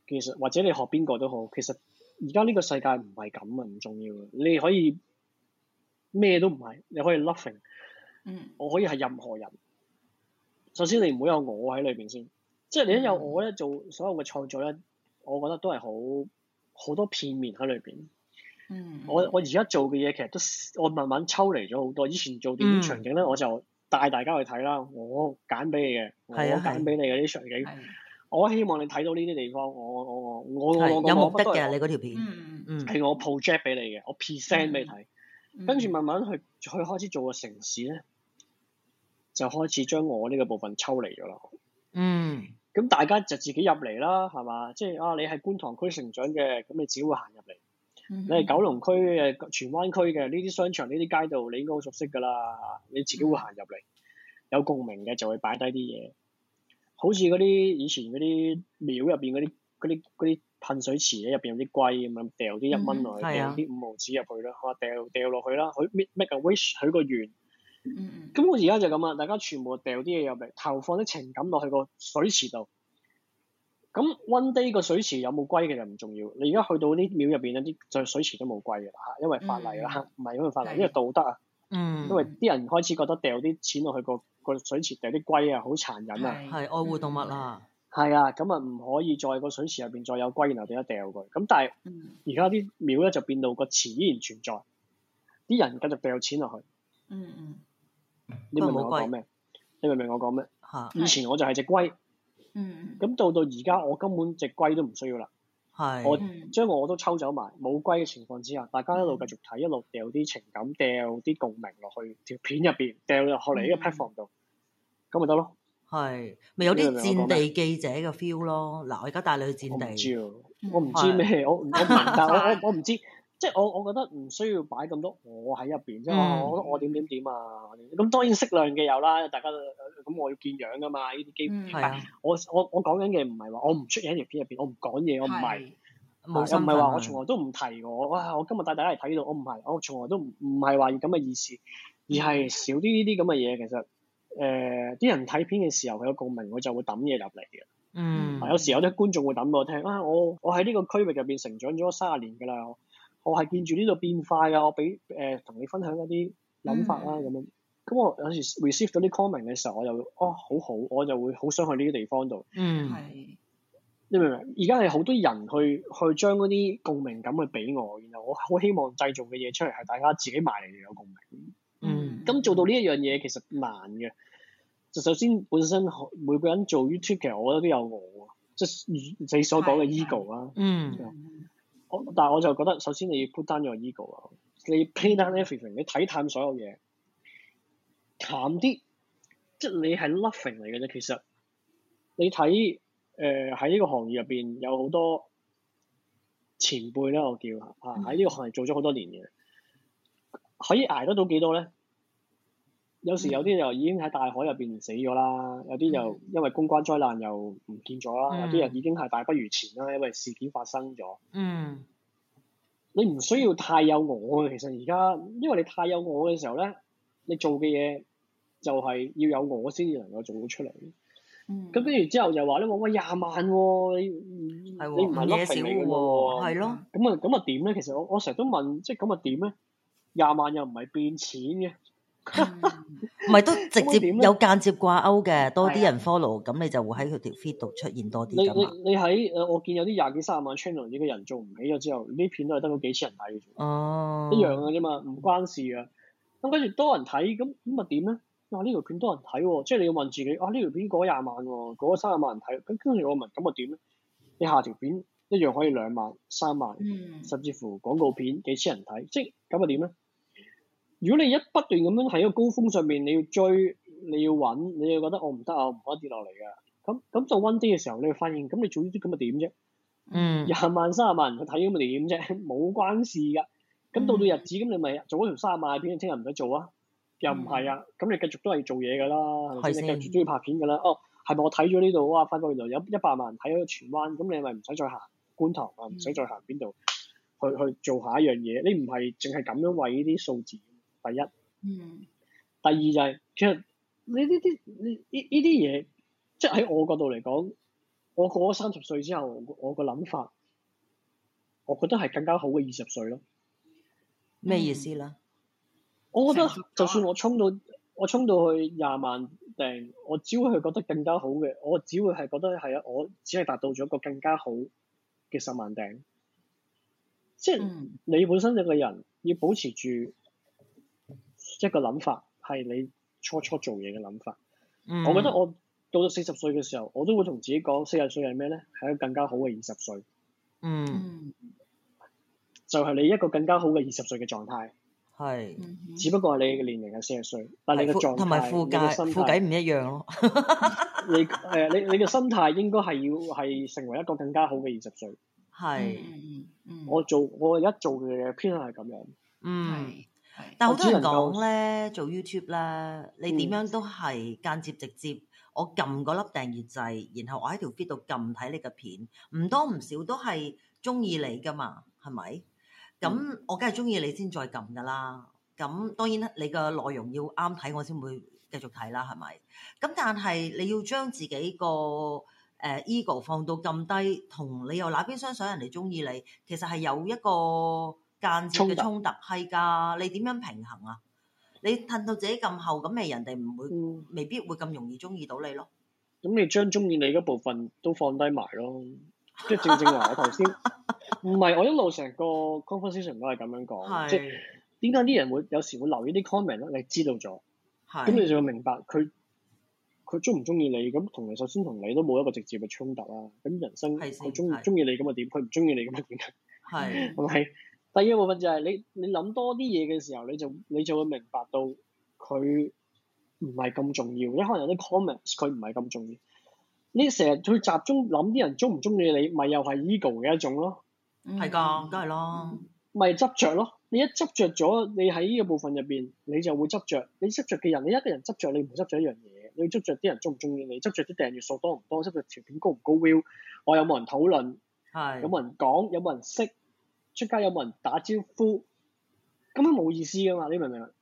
其實或者你學邊個都好，其實而家呢個世界唔係咁啊，唔重要。你可以咩都唔係，你可以 loving，嗯，我可以係任何人。首先你唔好有我喺裏邊先，即係你一有我咧、嗯、做所有嘅創作咧，我覺得都係好好多片面喺裏邊。嗯，我我而家做嘅嘢其實都我慢慢抽離咗好多。以前做電影場景咧，嗯、我就帶大家去睇啦，我揀俾你嘅，我揀俾你嘅啲、啊、場景。我希望你睇到呢啲地方，我我我我，是我有目的嘅，你嗰條片，係、嗯嗯、我 project 俾你嘅，我 present 俾你睇，跟住、嗯嗯、慢慢去去開始做個城市咧，就開始將我呢個部分抽離咗啦。嗯。咁大家就自己入嚟啦，係嘛？即係啊，你係觀塘區成長嘅，咁你自己會行入嚟。嗯、哼你係九龍區嘅荃灣區嘅呢啲商場呢啲街道，你應該好熟悉㗎啦，你自己會行入嚟，有共鳴嘅就會擺低啲嘢。好似嗰啲以前嗰啲廟入邊嗰啲啲啲噴水池咧，入邊有啲龜咁樣，掉啲一蚊落去，掉啲五毫紙入去咯，我掉掉落去啦，佢 make a wish，許個願。咁我而家就咁啊，大家全部掉啲嘢入嚟，投放啲情感落去個水池度。咁 one day 個水池有冇龜嘅就唔重要，你而家去到啲廟入邊咧，啲就水池都冇龜嘅啦，因為法例啦嚇，唔係、嗯、因為法例，嗯、因為道德啊。嗯。因為啲人開始覺得掉啲錢落去、個。個水池掉啲龜啊，好殘忍啊！係愛護動物啊！係啊，咁啊唔可以再個水池入邊再有龜，然後掉一掉佢。咁但係而家啲廟咧就變到個池依然存在，啲人繼續掉錢落去。嗯嗯。嗯，你明唔明我講咩？龜你明唔明我講咩？吓、啊！以前我就係隻龜。嗯，咁到到而家我根本隻龜都唔需要啦。係、嗯。我將我都抽走埋，冇龜嘅情況之下，大家一路繼續睇，嗯、一路掉啲情感，掉啲共鳴落去條片入邊，掉落嚟呢個 pat 房度。嗯咁咪得咯，係咪有啲戰地記者嘅 feel 咯？嗱，我而家帶你去戰地，我唔知咩，我的我唔得，我明白 我唔知，即係我我覺得唔需要擺咁多我喺入邊，即係、嗯、我我點點點啊咁。當然適量嘅有啦，大家咁我要見樣噶嘛，呢啲基本。我我我講緊嘅唔係話我唔出影喺片入邊，我唔講嘢，我唔係，唔係話我從來都唔提我。哇，我今日帶大家嚟睇呢度，我唔係，我從來都唔唔係話咁嘅意思，而係少啲呢啲咁嘅嘢，其實。誒啲、呃、人睇片嘅時候，佢有共鳴，我就會抌嘢入嚟嘅。嗯、mm hmm. 啊，有時候有啲觀眾會抌俾我聽啊，我我喺呢個區域入邊成長咗三十年㗎啦。我我係見住呢度變化㗎，我俾誒同你分享一啲諗法啦。咁、mm hmm. 樣咁、啊、我有時 receive 到啲 comment 嘅時候，我又哦好好，我就會好想去呢啲地方度。嗯、mm，係、hmm. 你明唔明？而家係好多人去去將嗰啲共鳴感去俾我，然後我好希望製造嘅嘢出嚟係大家自己買嚟有共鳴。Mm hmm. 嗯，咁做到呢一樣嘢其實難嘅。首先本身每個人做 YouTube 其實我覺得都有我即係、就是、你所講嘅 ego 啦的。就嗯。我但係我就覺得首先你要 put down your ego 啊，你 put down everything，你睇淡所有嘢，淡啲，即、就、係、是、你係 loving 嚟嘅啫。其實你睇誒喺呢個行業入邊有好多前輩咧，我叫啊喺呢個行業做咗好多年嘅，可以挨得到幾多咧？有時有啲就已經喺大海入邊死咗啦，嗯、有啲又因為公關災難又唔見咗啦，嗯、有啲又已經係大不如前啦，因為事件發生咗。嗯，你唔需要太有我嘅，其實而家因為你太有我嘅時候咧，你做嘅嘢就係要有我先至能夠做到出嚟。咁跟住之後就話咧，我喂廿萬喎，你係喎，唔嘢少喎，係咯、哦，咁啊咁啊點咧？其實我我成日都問，即係咁啊點咧？廿萬又唔係變錢嘅。唔 係 都直接有間接掛鈎嘅， 多啲人 follow，咁 是、啊、你就會喺佢條 feed 度出現多啲咁啊！你喺誒，我見有啲廿幾卅萬 channel 你個人做唔起咗之後，呢片都係得嗰幾千人睇嘅啫。哦，嗯、一樣嘅啫嘛，唔關事啊。咁跟住多人睇，咁咁咪點咧？哇！呢條片多人睇喎，即係你要問自己啊！呢條片過咗廿萬，過咗卅萬人睇，咁跟住我問，咁咪點咧？你下條片一樣可以兩萬、三萬，嗯、甚至乎廣告片幾千人睇，即係咁咪點咧？如果你一不斷咁樣喺一個高峰上面，你要追，你要揾，你要覺得我唔得啊，唔可以跌落嚟㗎。咁咁做温啲嘅時候，你會發現咁你做呢啲咁咪點啫？嗯。廿萬、三十萬人去睇咁咪點啫？冇關事㗎。咁到到日子咁、嗯、你咪做嗰條三十萬，邊聽日唔使做啊？又唔係啊？咁、嗯、你繼續都係做嘢㗎啦，係咪先？繼續都鍾意拍片㗎啦。吧哦，係咪我睇咗呢度啊，發覺原來有一百萬人睇咗嗰個荃灣，咁你咪唔使再行觀塘啊，唔使、啊啊、再行邊度去去做下一樣嘢？你唔係淨係咁樣為呢啲數字。第一，嗯，第二就係、是、其實你呢啲，呢呢啲嘢，即係喺我角度嚟講，我過咗三十歲之後，我個諗法，我覺得係更加好嘅二十歲咯。咩、嗯、意思啦？我覺得就算我沖到我沖到去廿萬訂，我只會係覺得更加好嘅。我只會係覺得係啊，我只係達到咗一個更加好嘅十萬訂。即係、嗯、你本身一個人要保持住。即係個諗法係你初初做嘢嘅諗法。嗯，我覺得我到咗四十歲嘅時候，我都會同自己講：四十歲係咩咧？係一個更加好嘅二十歲。嗯，就係你一個更加好嘅二十歲嘅狀態。係，只不過你嘅年齡係四十歲，但係你嘅狀態同埋副身體，副身體唔一樣咯。你誒，你你嘅心態應該係要係成為一個更加好嘅二十歲。係，我做我而家做嘅嘢偏向係咁樣。嗯，但係好多人講咧，做 YouTube 咧，你點樣都係間接直接，嗯、我撳嗰粒訂閱掣，然後我喺條 fit 度撳睇你嘅片，唔多唔少都係中意你噶嘛，係咪？咁我梗係中意你先再撳噶啦。咁當然你嘅內容要啱睇，我先會繼續睇啦，係咪？咁但係你要將自己個誒、呃、ego 放到咁低，同你又哪邊相信人哋中意你，其實係有一個。間接嘅衝突係噶突，你點樣平衡啊？你褪到自己咁後，咁咪人哋唔會，嗯、未必會咁容易中意到你咯。咁你將中意你嗰部分都放低埋咯，即係正正話我頭先，唔係 我一路成個 conversation 都係咁樣講，是即係點解啲人會有時會留意啲 comment 咧？你知道咗，咁是你就會明白佢佢中唔中意你？咁同，首先同你都冇一個直接嘅衝突啊。咁人生佢中中意你咁啊點？佢唔中意你咁啊點？係係咪？第二個部分就係、是、你，你諗多啲嘢嘅時候，你就你就會明白到佢唔係咁重要。你可能有啲 comments 佢唔係咁重要。你成日去集中諗啲人鍾唔鍾意你，咪又係 ego 嘅一種咯。係㗎、嗯，梗係咯。咪執着咯！你一執着咗，你喺呢個部分入邊，你就會執着。你執着嘅人，你一個人執着，你唔執着一樣嘢。你執着啲人鍾唔鍾意你，執着啲訂閱數多唔多，執着條片高唔高 view 我有冇人討論，是有冇人講，有冇人識。出街有冇人打招呼？咁樣冇意思㗎嘛，你明唔明啊？嗯、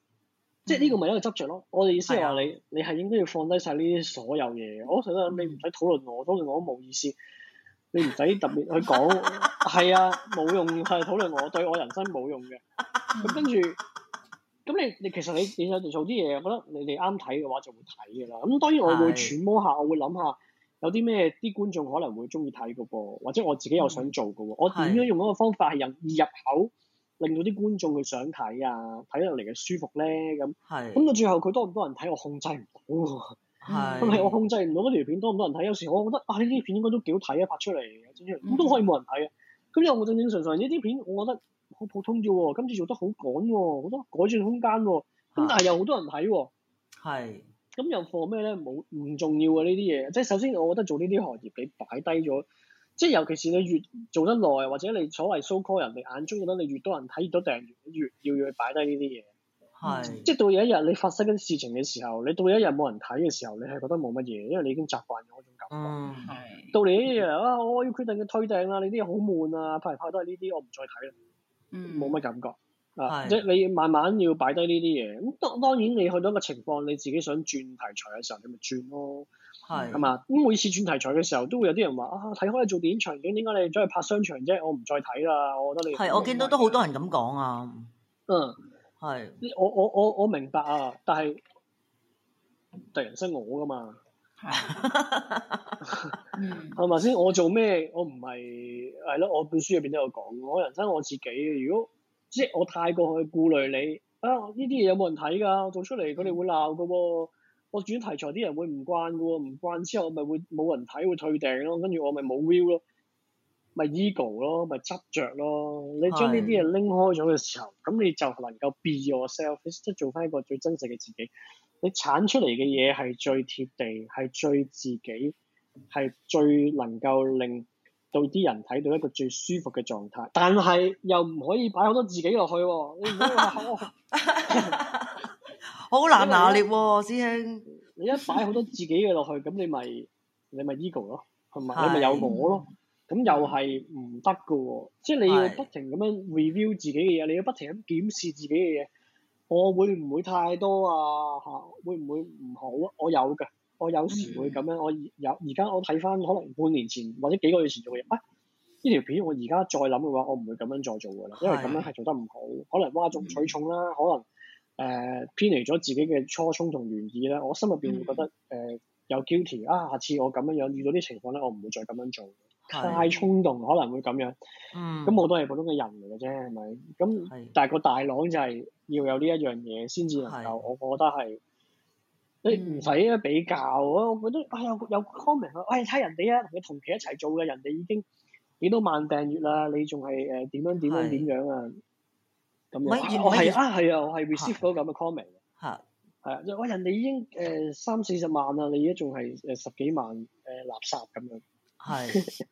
即係呢個咪一個執着咯。我哋意思係話你，是啊、你係應該要放低晒呢啲所有嘢。我成日諗你唔使討論我，討論我都冇意思。你唔使特別去講，係 啊，冇用係討論我，對我人生冇用嘅。咁跟住，咁你你其實你你想做啲嘢，我覺得你哋啱睇嘅話就會睇㗎啦。咁、嗯、當然我會揣摩下，我會諗下。有啲咩啲觀眾可能會鍾意睇嘅噃，或者我自己又想做嘅喎，我點樣用嗰個方法係容易入口，令到啲觀眾去想睇啊，睇落嚟嘅舒服咧咁。係、嗯。咁到是、嗯、最後佢多唔多人睇，我控制唔到喎。係。係是 我控制唔到嗰條片多唔多人睇，有時我覺得啊呢啲片應該都幾好睇啊，拍出嚟，咁都可以冇人睇嘅。咁有冇正正常常呢啲片？我覺得好普通啫喎，今次做得好趕喎，好多改進空間喎。咁但係又好多人睇喎。係。是 是 欸咁又放咩咧？冇，唔重要啊，呢啲嘢。即係首先，我覺得做呢啲行業，你擺低咗，即係尤其是你越做得耐，或者你所謂 so call 人哋眼中覺得你越多人睇、越多訂閱，越要要擺低呢啲嘢。係。是即係到有一日你發生緊事情嘅時候，你到有一日冇人睇嘅時候，你係覺得冇乜嘢，因為你已經習慣咗嗰種感覺。嗯。到嚟一日、嗯、啊，我要決定嘅退訂啊，你啲嘢好悶啊，拍嚟拍去都係呢啲，我唔再睇啦。冇乜感覺。嗯。Uh, 是即係你慢慢要擺低呢啲嘢，咁當然當然你去到一個情況，你自己想轉題材嘅時候，你咪轉咯，係咁啊！咁每次轉題材嘅時候，都會有啲人話啊，睇開你做電影場景，點解你走去拍商場啫？我唔再睇啦，我覺得你係是我見到都好多人咁講啊，嗯，係是，我我我我明白啊，但係人生我噶嘛，係咪先？我做咩？我唔係係咯，我本書入邊都有講，我人生我自己如果。即係我太過去顧慮你啊，呢啲嘢有冇人睇㗎？我做出嚟佢哋會鬧嘅喎，我轉題材啲人會唔慣嘅喎，唔慣之後我咪會冇人睇會退訂咯，跟住我咪冇 view 咯，咪 ego 咯，咪執着咯。你將呢啲嘢拎開咗嘅時候，咁你就能夠 be yourself，即係做翻一個最真實嘅自己。你產出嚟嘅嘢係最貼地，係最自己，係最能夠令。有啲人睇到一個最舒服嘅狀態，但係又唔可以擺好多自己落去，好難拿捏喎，師兄。你一擺好多自己嘅落去，咁你咪你咪 ego 咯，同埋你咪有我咯，咁又係唔得噶喎。即係你要不停咁樣 review 自己嘅嘢，你要不停咁檢視自己嘅嘢，我會唔會太多啊？吓，會唔會唔好啊？我有噶。我有時會咁樣，我有而家我睇翻，可能半年前或者幾個月前做嘅嘢啊，呢條片我而家再諗嘅話，我唔會咁樣再做㗎啦，因為咁樣係做得唔好，可能嘩眾取寵啦，嗯、可能誒偏、呃、離咗自己嘅初衷同原意啦，我心入邊會覺得誒、呃、有 guilty 啊，下次我咁樣樣遇到啲情況咧，我唔會再咁樣做，的太衝動可能會咁樣，咁、嗯、我都係普通嘅人嚟嘅啫，係咪？咁的但係個大朗就係要有呢一樣嘢先至能夠，我覺得係。你唔使啊比較啊！我覺得哎呀，有 comment 啊，哎睇人哋啊，你同佢同期一齊做嘅人哋已經幾多萬訂閱啦，你仲係誒點樣點樣點樣啊？咁我係啊係啊，我係 receive 到咁嘅 comment。嚇係啊！我人哋已經誒三四十萬啦，你而家仲係誒十幾萬誒垃圾咁樣。係，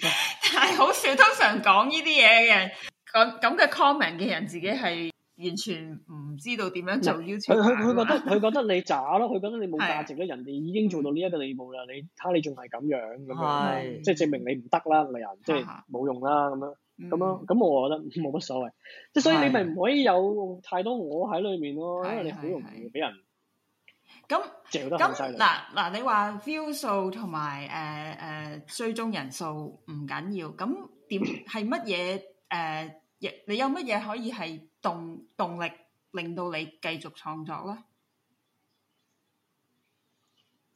但係好少，通常講呢啲嘢嘅咁咁嘅 comment 嘅人自己係。完全唔知道點樣做，要求佢佢佢覺得佢覺得你渣咯，佢覺得你冇價值咯， 是的 人哋已經做到呢一個地步啦，你睇下你仲係咁樣咁，樣是的 即係證明你唔得啦，個人是的 即係冇用啦咁樣咁、嗯、樣，咁我覺得冇乜所謂，嗯、即係所以你咪唔可以有太多我喺裏面咯，因為是的 你好容易俾人咁借咗咁嗱嗱，你話 view 數同埋誒誒追蹤人數唔緊要，咁點係乜嘢誒？ 亦你有乜嘢可以係動動力令到你繼續創作咧？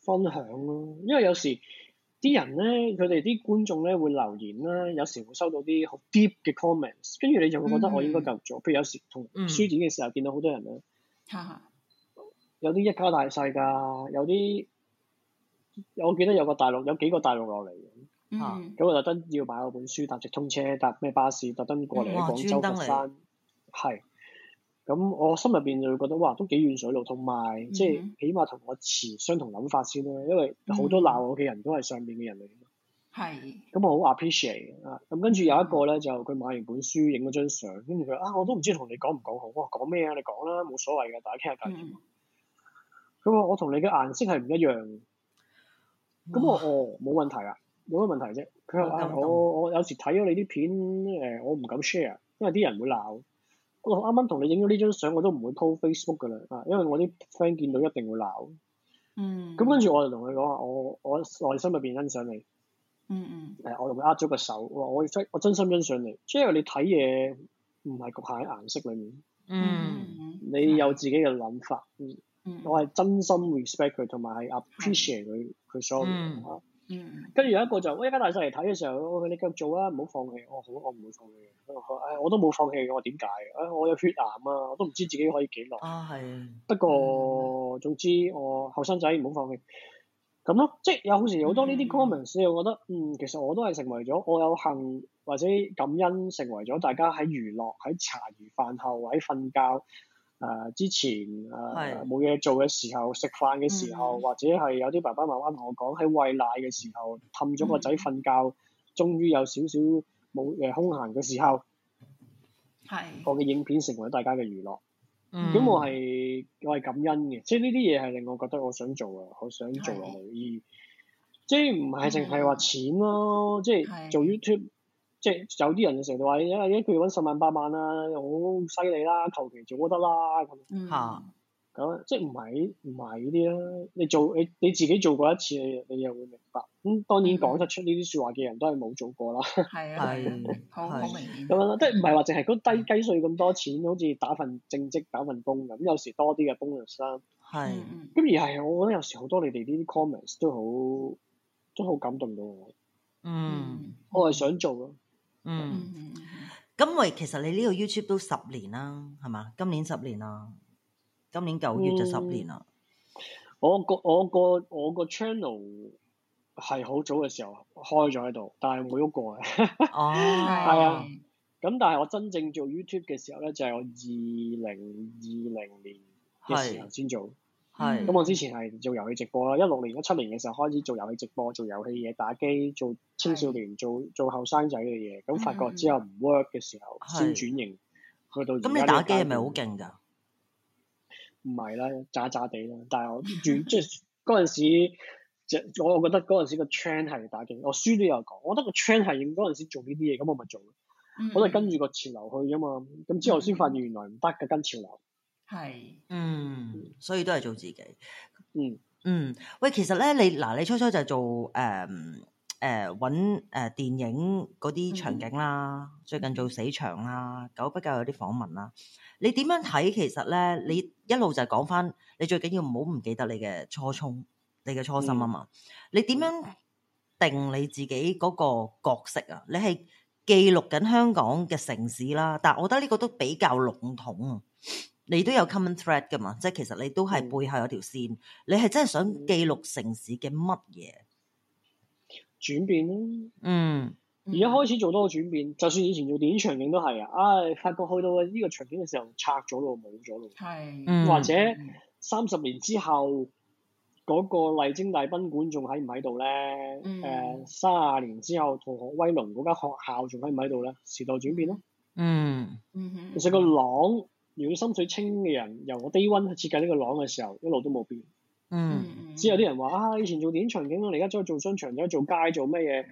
分享咯，啊，因為有時啲人咧，佢哋啲觀眾咧會留言啦，啊，有時會收到啲好 deep 嘅 comments，跟住你就會覺得我應該咁做。嗯嗯，譬如有時同書展嘅時候，嗯、見到好多人咧，哈哈有啲一家大細㗎，有啲我記得有個大陸有幾個大陸落嚟。啊！咁我特登要買我本書，搭直通車，搭咩巴士，特登過嚟廣州佛山係。咁我心入邊就會覺得哇，都幾遠水路，同埋即係起碼同我持相同諗法先啦。因為好多鬧我嘅人都係上面嘅人嚟嘅嘛，係咁，我好 appreciate 啊。咁跟住有一個咧，就佢買完本書，影咗張相，跟住佢啊，我都唔知同你講唔講好。我講咩啊？你講啦，冇所謂嘅，大家傾下偈咁佢話：我同你嘅顏色係唔一樣。咁我哦，冇問題啊。有乜問題啫？佢話、啊、我我有時睇咗你啲片，誒、呃、我唔敢 share，因為啲人會鬧。我啱啱同你影咗呢張相，我都唔會 po Facebook 噶啦，啊，因為我啲 friend 見到一定會鬧。嗯。咁跟住我就同佢講話，我我內心入邊欣賞你。嗯嗯。誒、啊，我同佢握咗個手，我我真心欣賞你，即、就、為、係、你睇嘢唔係局限喺顏色裏面。嗯。你有自己嘅諗法，嗯、我係真心 respect 佢，同埋係 appreciate 佢佢所、嗯、有嘅嘢。嗯，跟住有一個就我一家大細嚟睇嘅時候，你繼續做啊，唔好放棄。我、哦、好，我唔會放棄。誒、哎，我都冇放棄嘅。我點解？誒、哎，我有血癌啊，我都唔知自己可以幾耐。啊、哦，係。不過、嗯、總之我後生仔唔好放棄咁咯。即係有好時好多呢啲 comments 我覺得嗯，其實我都係成為咗我有幸或者感恩成為咗大家喺娛樂、喺茶餘飯後、喺瞓覺。誒、uh, 之前誒冇嘢做嘅時候，食飯嘅時候，嗯、或者係有啲爸爸媽媽同我講喺餵奶嘅時候，氹咗個仔瞓覺，嗯、終於有少少冇誒、呃、空閒嘅時候，係是我嘅影片成為大家嘅娛樂。咁、嗯、我係我係感恩嘅，即係呢啲嘢係令我覺得我想做啊，我想做臨時醫，是即係唔係淨係話錢咯，嗯、即係做 YouTube。即係有啲人成日話，因為一個月搵十萬八萬啊，好犀利啦，求其做都得啦咁嚇咁，即係唔係唔係呢啲啦？你做你你自己做過一次，你你又會明白。咁當然講得出呢啲説話嘅人都係冇做過啦。係啊，好好明咁啦，即係唔係話淨係低低稅咁多錢，好似打份正職打份工咁。有時多啲嘅 bonus 啦，係咁而，係我覺得有時好多你哋呢啲 comments 都好都好感動到我。嗯，我係想做啊。嗯，咁喂，其實你呢個 YouTube 都十年啦，係嘛？今年十年啦，今年九月就十年啦，嗯。我個我個我個 channel 係好早嘅時候開咗喺度，但係冇喐過嘅。 哦，係啊。咁但係我真正做 YouTube 嘅時候咧，就係、是、我二零二零年嘅時候先做。係，咁是、嗯、我之前係做遊戲直播啦，一六年、一七年嘅時候開始做遊戲直播，做遊戲嘢，打機，做青少年，是做做後生仔嘅嘢，咁、嗯、發覺之後唔 work 嘅時候轉，先轉型去到而家嘅。咁你打機係咪好勁噶？唔係啦，渣渣地啦，但係我轉即係陣時，即我覺得嗰陣時個 trend 係打機，我書都有講，我覺得，我我覺得個 trend 係嗰陣時做呢啲嘢，咁我咪做，嗯、我就跟住個潮流去噶嘛，咁之後先發現原來唔得噶，跟潮流。係是嗯，所以都係做自己。嗯嗯，喂，其實咧，你嗱，你初初就做誒誒，搵、呃、誒、呃呃、電影嗰啲場景啦。嗯、最近做死場啦，久不久有啲訪問啦。你點樣睇？其實咧，你一路就係講翻你最緊要唔好唔記得你嘅初衷，你嘅初心啊嘛、嗯。你點樣定你自己嗰個角色啊？你係記錄緊香港嘅城市啦，但係我覺得呢個都比較籠統啊。你都有 common thread 噶嘛？即係其實你都係背後有條線。嗯、你係真係想記錄城市嘅乜嘢轉變咯？嗯，而家開始做多個轉變。嗯、就算以前做電影場景都係啊，唉、哎，發覺去到呢個場景嘅時候拆咗咯，冇咗咯，係是或者三十、嗯、年之後嗰、那個麗晶大賓館仲喺唔喺度咧？誒、嗯，卅、uh, 年之後，同學威龍嗰間學校仲喺唔喺度咧？時代轉變咯，嗯其哼，而且個廊。嗯嗯如果心水清嘅人，由我低温設計呢個廊嘅時候，一路都冇變。嗯，只有啲人話啊，以前做電影場景，我哋而家走去做商場，走去做街，做咩嘢？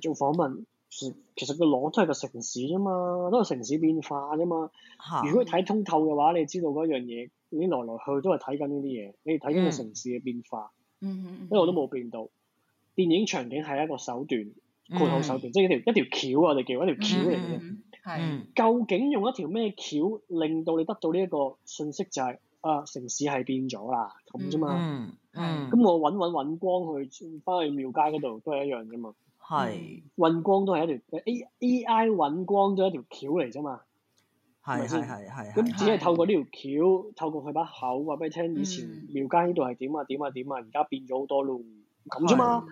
做訪問，其實,其實個廊都係個城市啫嘛，都係城市變化啫嘛。啊、如果睇通透嘅話，你知道嗰樣嘢，你來來去去都係睇緊呢啲嘢，你係睇緊個城市嘅變化。嗯，一路都冇變到。嗯嗯、電影場景係一個手段，配套手段，嗯、即係一條一條橋，我哋叫一條橋嚟嘅。係，嗯、究竟用一條咩橋令到你得到呢一個信息，就係，就係啊城市係變咗啦，咁啫嘛。嗯，係。咁我揾揾揾光去翻去廟街嗰度都係一樣啫嘛。係、嗯。揾光都係一條 A A I 揾光都係一條橋嚟啫嘛。係咪先？係係係。咁吧只係透過呢條橋，透過佢把口話俾你聽，以前廟街呢度係點啊點啊點啊，啊是而家變咗好多咯，咁啫嘛。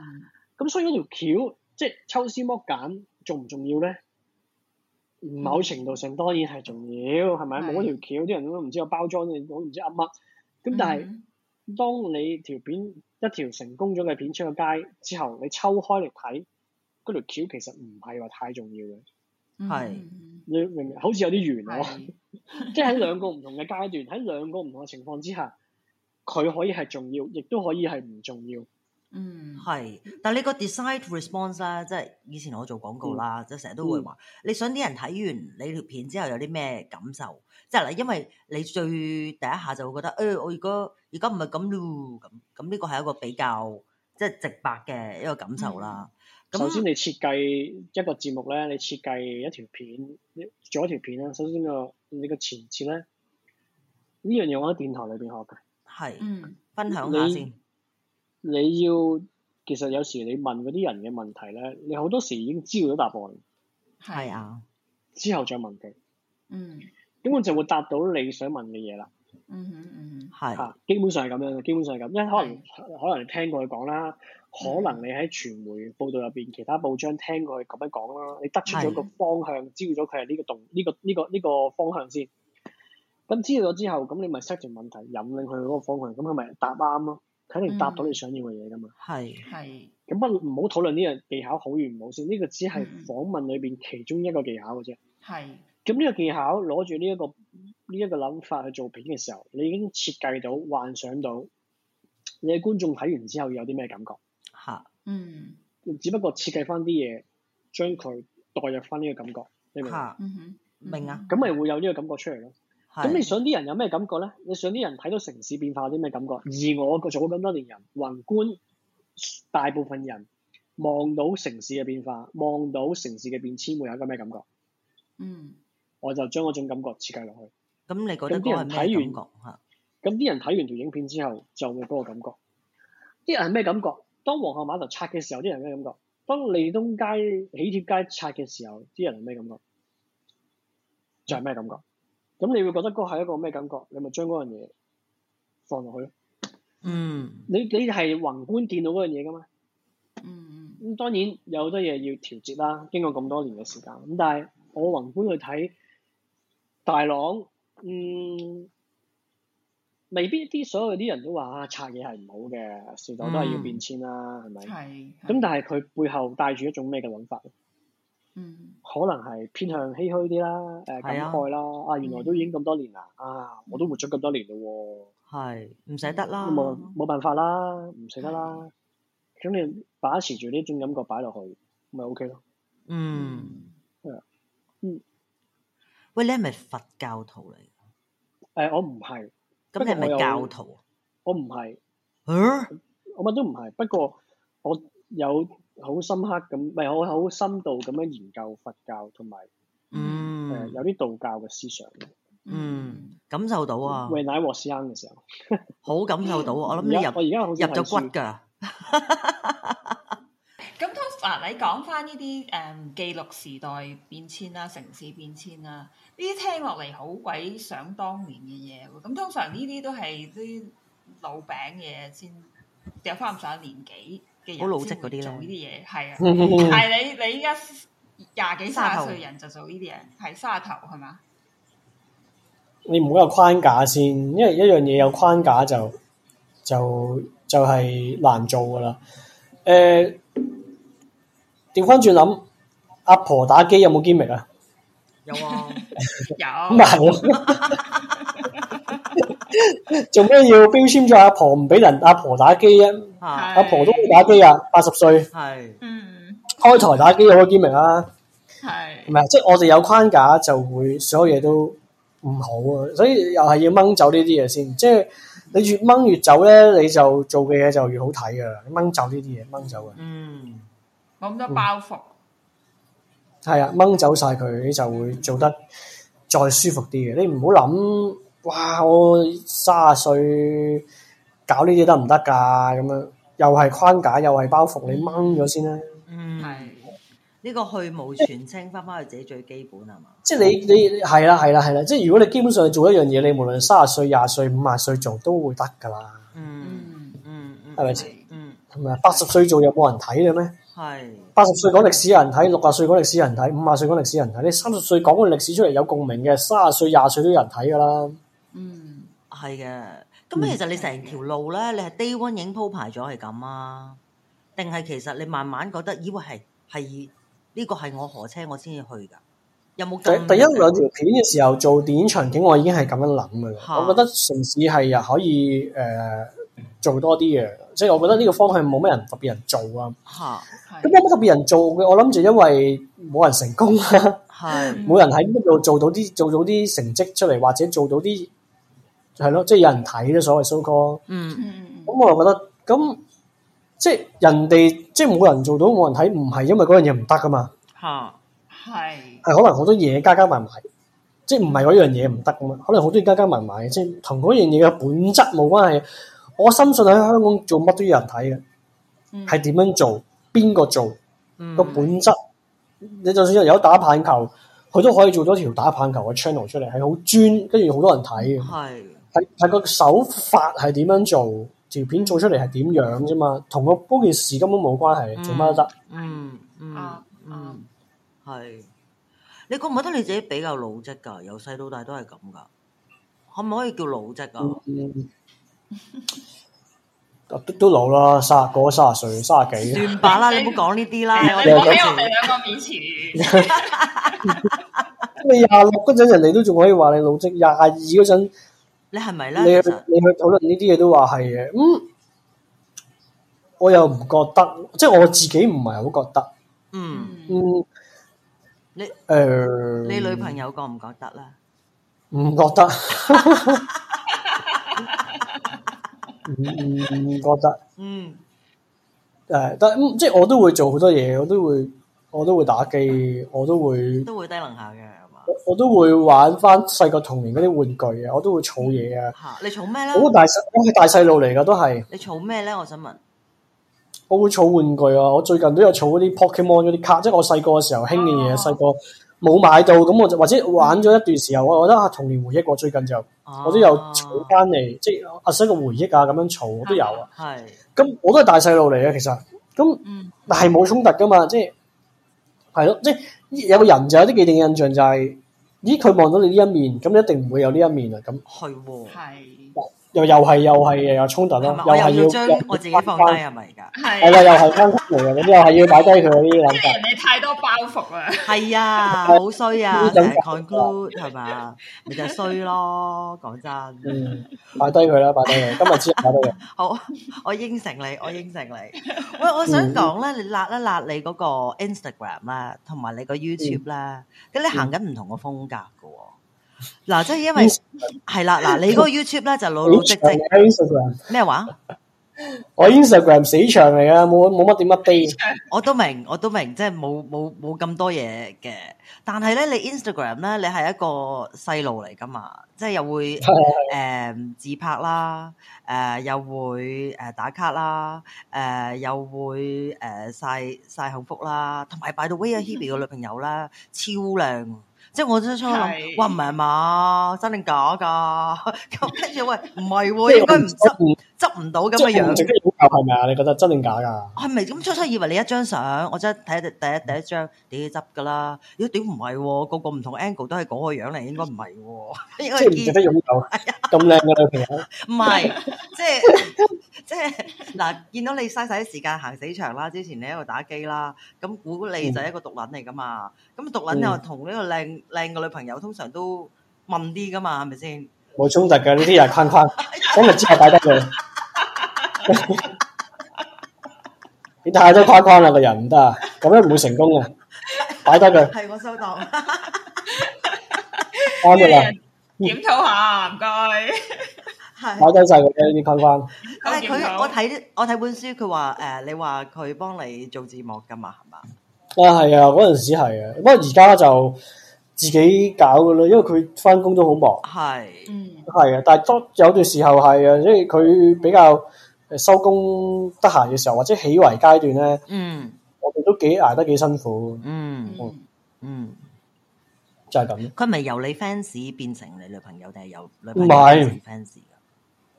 咁所以嗰條橋即係抽絲剝繭重唔重要咧？某程度上當然係重要，係咪？冇嗰是條橋，啲人都唔知有包裝，你都唔知噏乜。咁但係，嗯、當你條片一條成功咗嘅片出個街之後，你抽開嚟睇，嗰條橋其實唔係話太重要嘅，係是你明唔明？好似有啲圓咯，即係喺兩個唔同嘅階段，喺 兩個唔同嘅情況之下，佢可以係重要，亦都可以係唔重要。嗯，係，但你個 design response 啦，即係以前我做廣告啦，嗯、即係成日都會話，嗯、你想啲人睇完你條片之後有啲咩感受？即係嗱，因為你最第一下就會覺得，誒、哎，我如果而家唔係咁咯，咁咁呢個係一個比較即係直白嘅一個感受啦。咁、嗯、那首先你設計一個節目咧，你設計一條片，做一條片咧，首先、那個你個前設咧，呢樣嘢我喺電台裏邊學嘅，係、嗯，分享下先。你要其實有時你問嗰啲人嘅問題咧，你好多時已經知道咗答案。係啊，之後再問佢。嗯。咁我就會答到你想問嘅嘢啦。嗯嗯嗯，係、啊。嚇是，基本上係咁樣嘅，基本上係咁。因為可能是可能你聽過佢講啦，可能你喺傳媒報道入邊其他報章聽過佢咁樣講啦，你得出咗個方向，是知道咗佢係呢個動呢、呢個呢、呢個呢、呢個這個方向先。咁知道咗之後，咁你咪 set 問題，引領佢嗰個方向，咁佢咪答啱咯。肯定答到你想要嘅嘢㗎嘛，係、嗯，咁不唔好討論呢樣技巧好與唔好先，呢、這個只係訪問裏邊其中一個技巧嘅啫。係、嗯，咁呢個技巧攞住呢一個呢一、這個諗法去做片嘅時候，你已經設計到幻想到你嘅觀眾睇完之後有啲咩感覺？吓，嗯，只不過設計翻啲嘢，將佢代入翻呢個感覺，你明唔明？吓，嗯哼，明、嗯、啊，咁咪會有呢個感覺出嚟咯。咁你想啲人有咩感覺咧？你想啲人睇到城市變化有啲咩感覺？嗯、而我個做咁多年人，宏觀大部分人望到城市嘅變化，望到城市嘅變遷，會有一個咩感覺？嗯，我就將嗰種感覺設計落去。咁、嗯、你覺得啲人睇完，咁啲人睇完條影片之後就會嗰個感覺。啲人係咩感覺？當皇后碼頭拆嘅時候，啲人咩感覺？當利東街喜帖街拆嘅時候，啲人係咩感覺？就係、是、咩感覺？嗯咁你會覺得嗰個係一個咩感覺？你咪將嗰樣嘢放落去咯。嗯。你你係宏觀見到嗰樣嘢嘅嘛？嗯咁當然有好多嘢要調節啦，經過咁多年嘅時間。咁但係我宏觀去睇大郎嗯，未必啲所有啲人都話啊拆嘢係唔好嘅，時代都係要變遷啦，係咪、嗯？係。咁但係佢背後帶住一種咩嘅諗法咧？嗯，可能係偏向唏嘘啲啦，誒感慨啦，啊原來都已經咁多年啦，啊我都活咗咁多年咯，係唔使得啦，冇冇辦法啦，唔使得啦，咁你把持住呢種感覺擺落去，咪 OK 咯。嗯，嗯，喂，你係咪佛教徒嚟？誒，我唔係，咁你係咪教徒？我唔係，吓，我乜都唔係，不過我。有好深刻咁，唔係我好深度咁樣研究佛教同埋誒有啲道教嘅思想。嗯，感受到啊。喂，奶和師恩嘅時候，好感受到啊！我諗你入我而家入咗骨㗎。咁，嗱你講翻呢啲誒記錄時代變遷啦、城市變遷啦，呢啲聽落嚟好鬼想當年嘅嘢喎。咁通常呢啲都係啲老餅嘢先掉翻唔上年紀。好老職嗰啲啦，做呢啲嘢係啊，係 你你依家廿幾卅歲人就做呢啲嘢，係卅頭係嘛？你唔好有框架先，因為一樣嘢有框架就就就係、是、難做噶啦。誒、呃，調翻轉諗，阿婆打機有冇 gimmick 啊？ 有啊、哦，有。咁咪做咩 要標籤咗阿婆唔俾人阿婆打機啊？是阿婆都打機啊，八十歲，係是，嗯，開台打機、啊、是我見明啦，係，唔係即係我哋有框架就會所有嘢都唔好啊，所以又係要掹走呢啲嘢先，即係你越掹越走咧，你就做嘅嘢就越好睇㗎，你掹走呢啲嘢，掹走啊，走走嗯，冇咁、嗯、多包袱，係、嗯、啊，掹走晒佢你就會做得再舒服啲嘅，你唔好諗。哇！我三十歲搞呢啲得唔得噶？咁樣又係框架，又係包袱，你掹咗先啦。嗯，係呢、嗯、我個去無全清翻翻去自己最基本係嘛、嗯？即係你你係啦係啦係啦。即係如果你基本上做一樣嘢，你無論三十歲、廿歲、五廿歲做都會得噶啦。嗯嗯係咪先？同埋八十歲做有冇人睇嘅咩？係八十歲講歷史人睇，六十歲講歷史人睇，五廿歲講歷史人睇。你三十歲講個歷史出嚟有共鳴嘅，三十歲廿歲都有人睇噶啦。嗯，係嘅。咁其實你成條路咧，嗯、你係 day one 影鋪排咗係咁啊？定係其實你慢慢覺得，以為係係呢個係我何車我先至去噶？有冇？第第一兩條片嘅時候做電影場景，我已經係咁樣諗嘅。的我覺得城市係又可以誒、呃、做多啲嘢，即係我覺得呢個方向冇咩人特別人做啊。吓的，咁有冇特別人做嘅？我諗就因為冇人成功啦。係的，冇 人喺呢度做到啲做到啲成績出嚟，或者做到啲。係咯，即係有人睇嘅所謂 showcase 嗯嗯咁我又覺得，咁即係人哋即係冇人做到冇人睇，唔係因為嗰樣嘢唔得噶嘛。吓係係可能好多嘢加加埋埋，即係唔係嗰樣嘢唔得噶嘛。可能好多嘢加加埋埋，即係同嗰樣嘢嘅本質冇關係。我深信喺香港做乜都要有人睇嘅，係點樣做，邊個做、嗯、個本質。你就算有打棒球，佢都可以做咗條打棒球嘅 channel 出嚟，係好專，跟住好多人睇嘅。係。睇係個手法係點樣做條片做出嚟係點樣啫嘛，同個嗰件事根本冇關係，做乜、嗯、都得、嗯。嗯嗯、啊、嗯，係你覺唔覺得你自己比較老積噶？由細到大都係咁噶，可唔可以叫老積啊？都老啦，三十個三十歲，三十幾算把啦， 你唔好講呢啲啦。你我哋講嘢我哋兩個面前， 你廿六嗰陣人哋都仲可以話你老積，廿二嗰陣。你係咪咧？你你去討論呢啲嘢都話係嘅，咁我又唔覺得，即係我自己唔係好覺得。嗯嗯，你誒，你女朋友覺唔覺得咧？唔覺得，唔唔覺得，嗯，誒，但即係我都會做好多嘢，我都會，我都會打機，我都會，都會低能下嘅。我，我都會玩翻細個童年嗰啲玩具啊，我都會儲嘢啊。吓，你儲咩咧？我大細我係大細路嚟噶，都係。你儲咩咧？我想問。我會儲玩具啊！我最近都有儲嗰啲 Pokemon 嗰啲卡，即係我細個嘅時候興嘅嘢。細個冇買到，咁我就或者玩咗一段時候。我我覺得啊，童年回憶。我最近就、啊、我都有儲翻嚟，即係阿生嘅回憶啊，咁樣儲、啊、都有啊。係。咁我都係大細路嚟嘅，其實咁，嗯、但係冇衝突噶嘛，即係係咯，即係。有個人就有啲既定嘅印象就係、是、咦佢望到你呢一面，咁你一定唔會有呢一面啊咁。係喎，係。又又係又係又衝突啦，又係要我自己放低係咪，而家係啦，又係翻開嚟，你又係要擺低佢嗰啲諗法。你太多包袱啊！係啊，好衰啊！Conclude 係嘛？咪就係衰咯，講真。嗯，擺低佢啦，擺低佢。今日先擺低佢。好，我應承你，我應承你。喂，我想講咧，你揦一揦你嗰個 Instagram 啦，同埋你個 YouTube 啦，咁你行緊唔同嘅風格嘅喎。嗱，即係因為係啦，嗱，你嗰個 YouTube 咧就老老直直。咩話？我 Instagram 死場嚟噶，冇冇乜點乜 day。我都明，我都明，即係冇冇冇咁多嘢嘅。但係咧，你 Instagram 咧，你係一個細路嚟噶嘛？即係又會誒自拍啦，誒又會誒打卡啦，誒又會誒晒晒幸福啦，同埋擺到喂啊 Hebe 嘅女朋友啦，超靚。即係我最初諗，喂，唔係嘛，真定假噶？咁跟住喂，唔係、啊， 應該唔識。執唔到咁嘅樣，整啲擁抱係咪啊？你覺得真定假噶？係咪咁，初初以為你一張相，我真係睇第一第一張，點要執噶啦？如果點唔係，個個唔同 angle 都係嗰個樣嚟，應該唔係。即係唔值得擁有，咁靚嘅女朋友。唔係，即係即係嗱，見到你嘥晒啲時間行死場啦，之前你喺度打機啦，咁估你就一個毒撚嚟噶嘛？咁毒撚又同呢個靚靚嘅女朋友通常都問啲噶嘛，係咪先？冇衝突，嘅呢啲人框框，今日之後擺低佢，你太多框框啦個人，唔得啊，咁樣唔會成功嘅，擺低佢。係我收到，啱嘅啦。檢討下，唔該，係擺低晒佢呢啲框框。但係佢，我睇，我睇本書，佢話誒，你話佢幫你做字幕噶嘛，係嘛？啊係啊，嗰陣時係啊，不過而家就。自己搞嘅啦，因為佢翻工都好忙。係，嗯，係啊，但係都有段時候係啊，即係佢比較收工得閒嘅時候，或者起圍階段咧，嗯，我哋都幾挨得幾辛苦。嗯，嗯，嗯就係、是、咁。佢咪由你 fans 變成你女朋友，定係由女朋友 fans？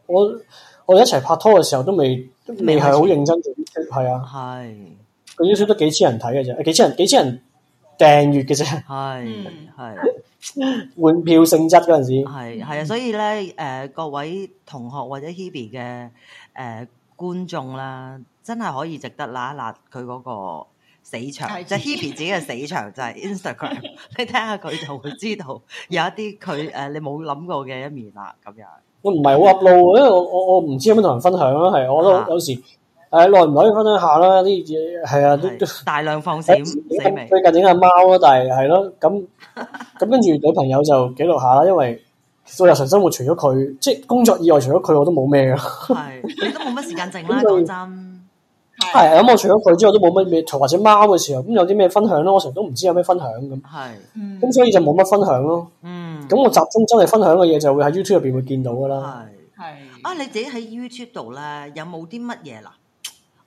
我我一齊拍拖嘅時候都未，都未係好認真嘅，係啊，係。佢一少得幾千人睇嘅啫，幾千人，幾千人。訂閱嘅啫，係係換票性質嗰陣時，係係啊。所以咧，誒，各位同學或者 Hebe 嘅誒觀眾啦，真係可以值得拉一拉佢嗰個死場，即係 Hebe 自己嘅死場，就係 Instagram。你睇下佢就會知道有一啲佢誒，你冇諗過嘅一面啦。咁樣我唔係好 upload，因為我我我唔知有咩同人分享啦。係，我都有時。係耐唔耐分享下啦？啲嘢係啊，都大量放死。最近整下貓咯，但係係咯咁咁跟住女朋友就記錄下啦。因為做日常生活除咗佢，即係工作以外，除咗佢我都冇咩啊。係你都冇乜時間靜啦，講真。係咁，我除咗佢之外都冇乜咩，同或者貓嘅時候咁有啲咩分享咯。我成日都唔知有咩分享咁。係，咁所以就冇乜分享咯。嗯。咁我集中真係分享嘅嘢就會喺 YouTube 入邊會見到噶啦。係，係。啊！你自己喺 YouTube 度咧，有冇啲乜嘢嗱？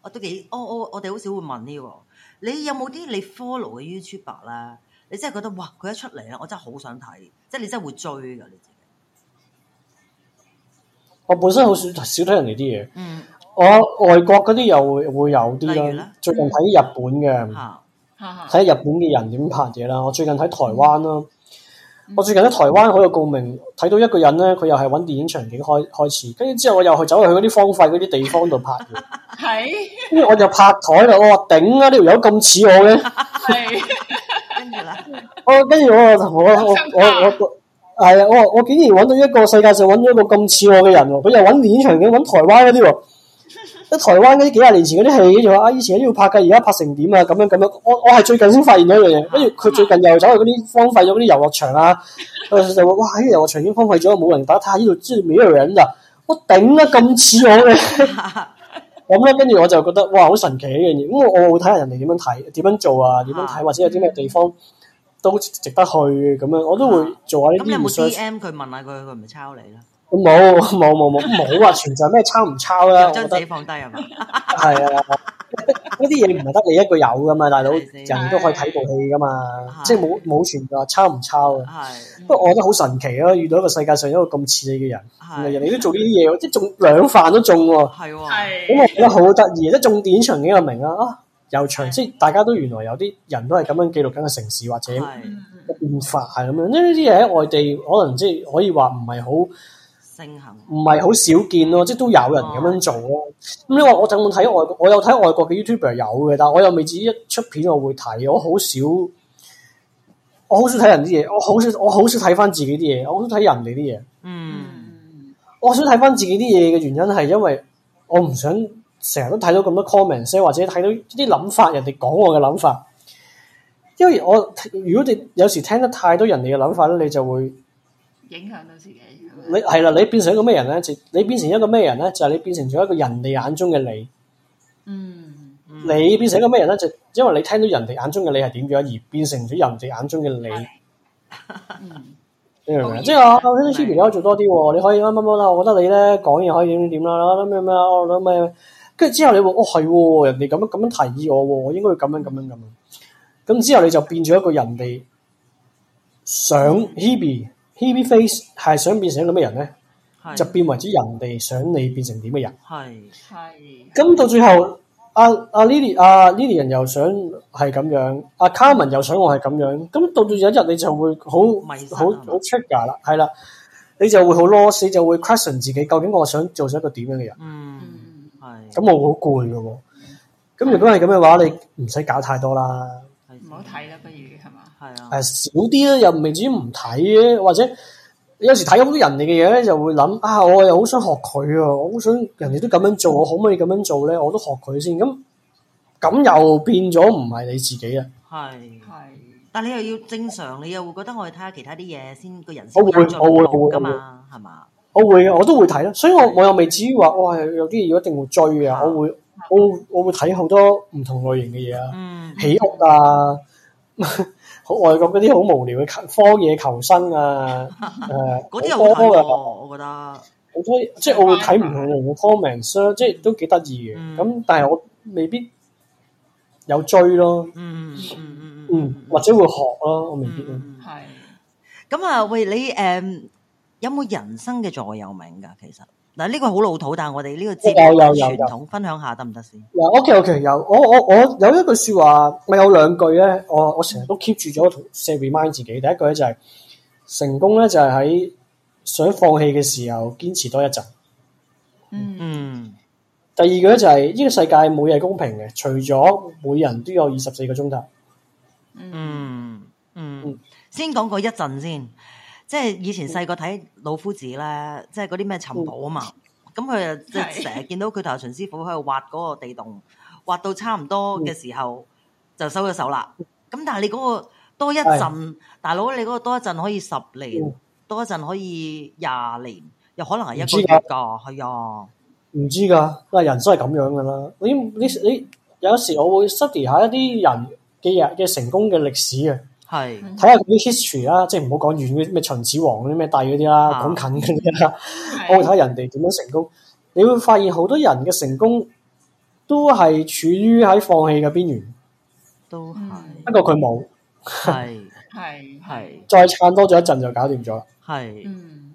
都幾我我我哋好少會問、這個、有有呢，你有冇啲你 follow 嘅 YouTuber 咧？你真係覺得哇，佢一出嚟咧，我真係好想睇，即係你真係會追噶。你自己，我本身好少少睇人哋啲嘢，嗯，嗯我外國嗰啲又會，會有啲啦。最近睇日本嘅，睇、嗯、日本嘅人點拍嘢啦。嗯、我最近睇台灣啦，嗯、我最近喺台灣好有共鳴，睇到一個人咧，佢又係揾電影場景開開始，跟住之後我又去走入去嗰啲荒廢嗰啲地方度拍嘢。 係，跟住是我就拍台啦，哦這個！ 我話頂啊！呢條友咁似我嘅，跟住啦，我跟住我我我我我係啊！我我，我竟然揾到一個世界上揾到一個咁似我嘅人，佢又揾電影場景，揾台灣嗰啲喎，喺台灣嗰啲幾廿年前嗰啲戲，又話啊以前喺呢度拍嘅，而家拍成點啊？咁樣咁樣，我我係最近先發現咗樣嘢，跟住佢最近又走去嗰啲荒廢咗嗰啲遊樂場啊， 就話哇！呢、這個遊樂場已經荒廢咗，冇人打，睇下呢度知唔知咩人噶？我頂啊！咁似我嘅。這個我咁咧，跟住我就覺得哇，好神奇呢樣嘢。咁我我會睇下人哋點樣睇，點樣做啊，點樣睇，或者有啲咩地方都值得去咁樣。我都會做下呢啲。咁有冇 DM 佢問下佢，佢唔係抄你啦？冇冇冇冇冇話存在咩抄唔抄啦？要將自己 放低係嘛？係 啊。嗰啲嘢唔係得你一個有噶嘛，大佬，的人，人都可以睇部戲噶嘛，的即係冇冇存在抄唔抄啊？的不過我覺得好神奇啊，遇到一個世界上一個咁似你嘅人，係的人哋都做呢啲嘢，即係中兩飯都中喎，啊，係喎的，咁我覺得好得意，即係重點場景又明啦，又長，即係大家都原來有啲人都係咁樣記錄緊個城市或者變化啊咁樣，呢啲嘢喺外地可能即係可以話唔係好。唔係好少見咯，即係都有人咁樣做咯。咁你話我整晚睇外國，我有睇外國嘅 YouTuber 有嘅，但係我又未至於一出片我會睇。我好少，我好少睇人啲嘢，我好少，我好少睇翻自己啲嘢，我好少睇人哋啲嘢。嗯，我好少睇翻自己啲嘢嘅原因係因為我唔想成日都睇到咁多 comment，或者睇到啲諗法，人哋講我嘅諗法。因為我如果你有時聽得太多人哋嘅諗法咧，你就會影響到自己。你係啦，你變成一個咩人咧？就係，你變成一個咩人咧？就係你變成咗一個人哋眼中嘅你。嗯，你變成一個咩人咧？就係，因為你聽到人哋眼中嘅你係點樣，而變成咗人哋眼中嘅你。 你明唔明？ 即係啊，聽到希比你可以做多啲，你可以乜乜乜啦。我覺得你咧講嘢可以點點點啦，啦咩咩，我諗咩，跟、啊、住、啊啊啊啊啊，之後你話哦係，人哋咁樣咁樣提議我，我應該要咁樣咁樣咁樣。咁之後你就變咗一個人哋想希比。 HEBEFACE 係想變成啲咩人咧？是就變為之人哋想你變成點嘅人。係係，咁到最後阿阿 Lily 啊，啊 Lily 人、啊、又想係咁樣，阿、啊、Carman 又想我係咁樣，咁到到有一日你就會好好好 check 噶啦，係啦的，你就會好 lost，你就會 question 自己究竟我想做成一個點樣嘅人。嗯，係，咁我好攰嘅喎。咁如果係咁嘅話，你唔使搞太多啦。唔好睇啦，不如。係是啊，誒，少啲啦，又未至於唔睇嘅，或者有時睇好多人哋嘅嘢咧，就會諗啊，我又好想學佢啊，我好想人哋都咁樣做，我可唔可以咁樣做咧？我都學佢先，咁咁又變咗唔係你自己啊。係係，但你又要正常，你又會覺得我去睇下其他啲嘢先，個人會的的我會我會我會噶嘛，係嘛？我會，我，我都會睇咯，所以我的我又未至於話，我係有啲嘢一定會追啊。我會，我會我會睇好多唔同類型嘅嘢、嗯、樂啊，起屋啊。好外國嗰啲好無聊嘅荒野求生啊！誒、呃，嗰啲我睇過，我覺得好中意，即係我會睇唔同人嘅 comment 啦，嗯、即係都幾得意嘅。咁、嗯、但係我未必有追咯，嗯嗯嗯嗯或者會學咯，嗯、我未必咯、嗯。係咁啊，喂你誒，um, 有冇人生嘅座右銘噶？其實。嗱，呢個好老土，但係我哋呢個節目係傳統，分享下得唔得先？嗱 OK，OK 有，我我我有一句說話，咪有兩句咧，我我成日都 keep 住咗 same remind 自己。第一句咧就係、是、成功咧就係喺想放棄嘅時候堅持多一陣。嗯。第二個咧就係、是、呢、這個世界冇嘢公平嘅，除咗每人都有二十四個鐘頭。嗯嗯。先講過一陣先。即係以前細個睇《老夫子》咧，即係嗰啲咩尋寶啊嘛，咁佢即係成日見到佢同秦師傅喺度挖嗰個地洞，挖到差唔多嘅時候就收咗手啦。咁但係你嗰個多一陣，的大佬你嗰個多一陣可以十年，的多一陣可以廿年，又可能係一個月噶，係啊，唔的知噶，但係人生係咁樣噶啦。你你你，你，有時，我會 study 下一啲人嘅嘅成功嘅歷史啊。係，睇下嗰啲 history 啦，即係唔好講遠嗰咩秦始皇啲咩帝嗰啲啦，講、啊、近嘅啦，我睇下人哋點樣成功。是你會發現好多人嘅成功都係處於喺放棄嘅邊緣，都係是。不過佢冇，係係係， 再撐多咗一陣就搞掂咗啦。係是、嗯，嗯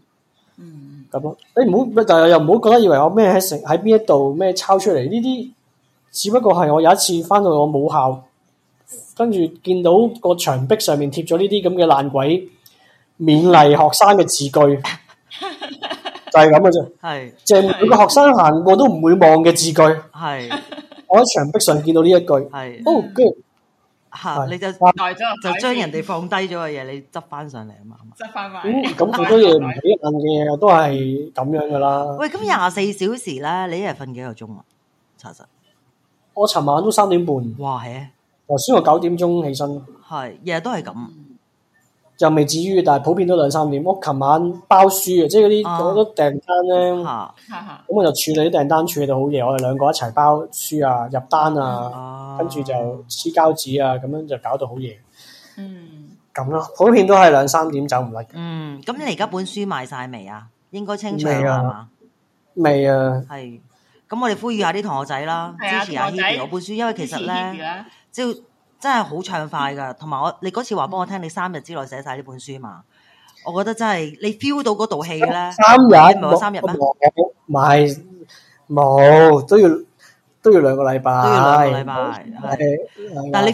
嗯，咁咯。你唔好，但係又唔好覺得以為我咩喺成喺邊一度咩抄出嚟呢啲，只不過係我有一次返到我母校。跟住見到個牆壁上面貼咗呢啲咁嘅爛鬼勉勵學生嘅字句，就係咁嘅啫。係，即係每個學生行過都唔會望嘅字句。係，我喺牆壁上見到呢一句。係，哦，跟住吓，你就就將人哋放低咗嘅嘢，你執翻上嚟啊嘛，執翻翻。咁好多嘢唔起眼嘅嘢，都係咁樣噶啦。喂，咁廿四小時啦，你一日瞓幾個鐘啊？查實，我尋晚都三點半。哇，係啊！我先我九點鐘起身，係日日都係咁，又未至於，但係普遍都兩三點。我琴晚包書啊，即係嗰啲好多訂單咧，咁、啊、我就處理啲訂單，處理到好夜。我哋兩個一齊包書啊，入單啊，跟住就黐膠紙啊，咁樣就搞到好夜。嗯，咁咯，普遍都係兩三點走唔甩。嗯，咁你而家本書賣晒未啊？應該清咗未啊？未啊？係，咁我哋呼籲下啲同學仔啦，支持阿希比嗰本書，因為其實咧。即係真係好暢快噶，同埋我你嗰次話俾我聽你三日之內寫晒呢本書嘛？我覺得真係你 feel 到嗰套戲咧。三日唔係三日咩？我冇都要都要兩個禮拜。都要兩個禮拜。但係你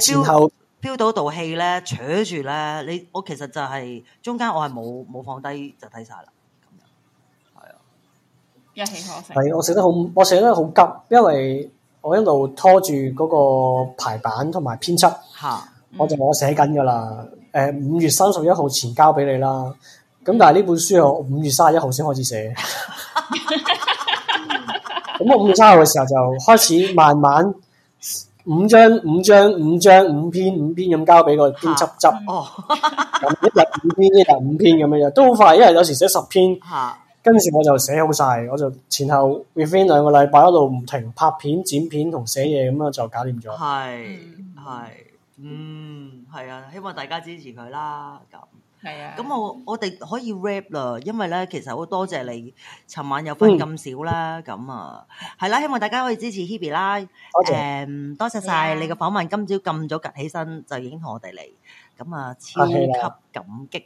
feel 到嗰套戲咧，扯住咧，你我其實就係中間我係冇冇放低就睇晒啦。係啊，一氣呵成。係我寫得好，我寫得好急，因為。我一路拖住嗰個排版同埋編輯，啊嗯、我就我寫緊噶啦。誒、呃，五月三十一號前交俾你啦。咁但係呢本書我五月三十一號先開始寫。咁我五月卅號嘅時候就開始慢慢五張五張五張五篇五篇咁交俾個編輯執。哦，一日五篇，一日五篇咁樣樣都好快，因為有時寫十篇。嗯嗯跟住我就寫好曬，我就前後 within 兩個禮拜一路唔停拍片、剪片同寫嘢，咁啊就搞掂咗。係係，嗯，係啊，希望大家支持佢啦。咁係啊，咁我我哋可以 rap 啦，因為咧其實好多謝你，尋晚有瞓咁少啦。咁啊，係啦，希望大家可以支持 Hebe 啦。多謝，多謝曬你嘅訪問。今朝咁早趌起身就已經同我哋嚟，咁啊，超級感激。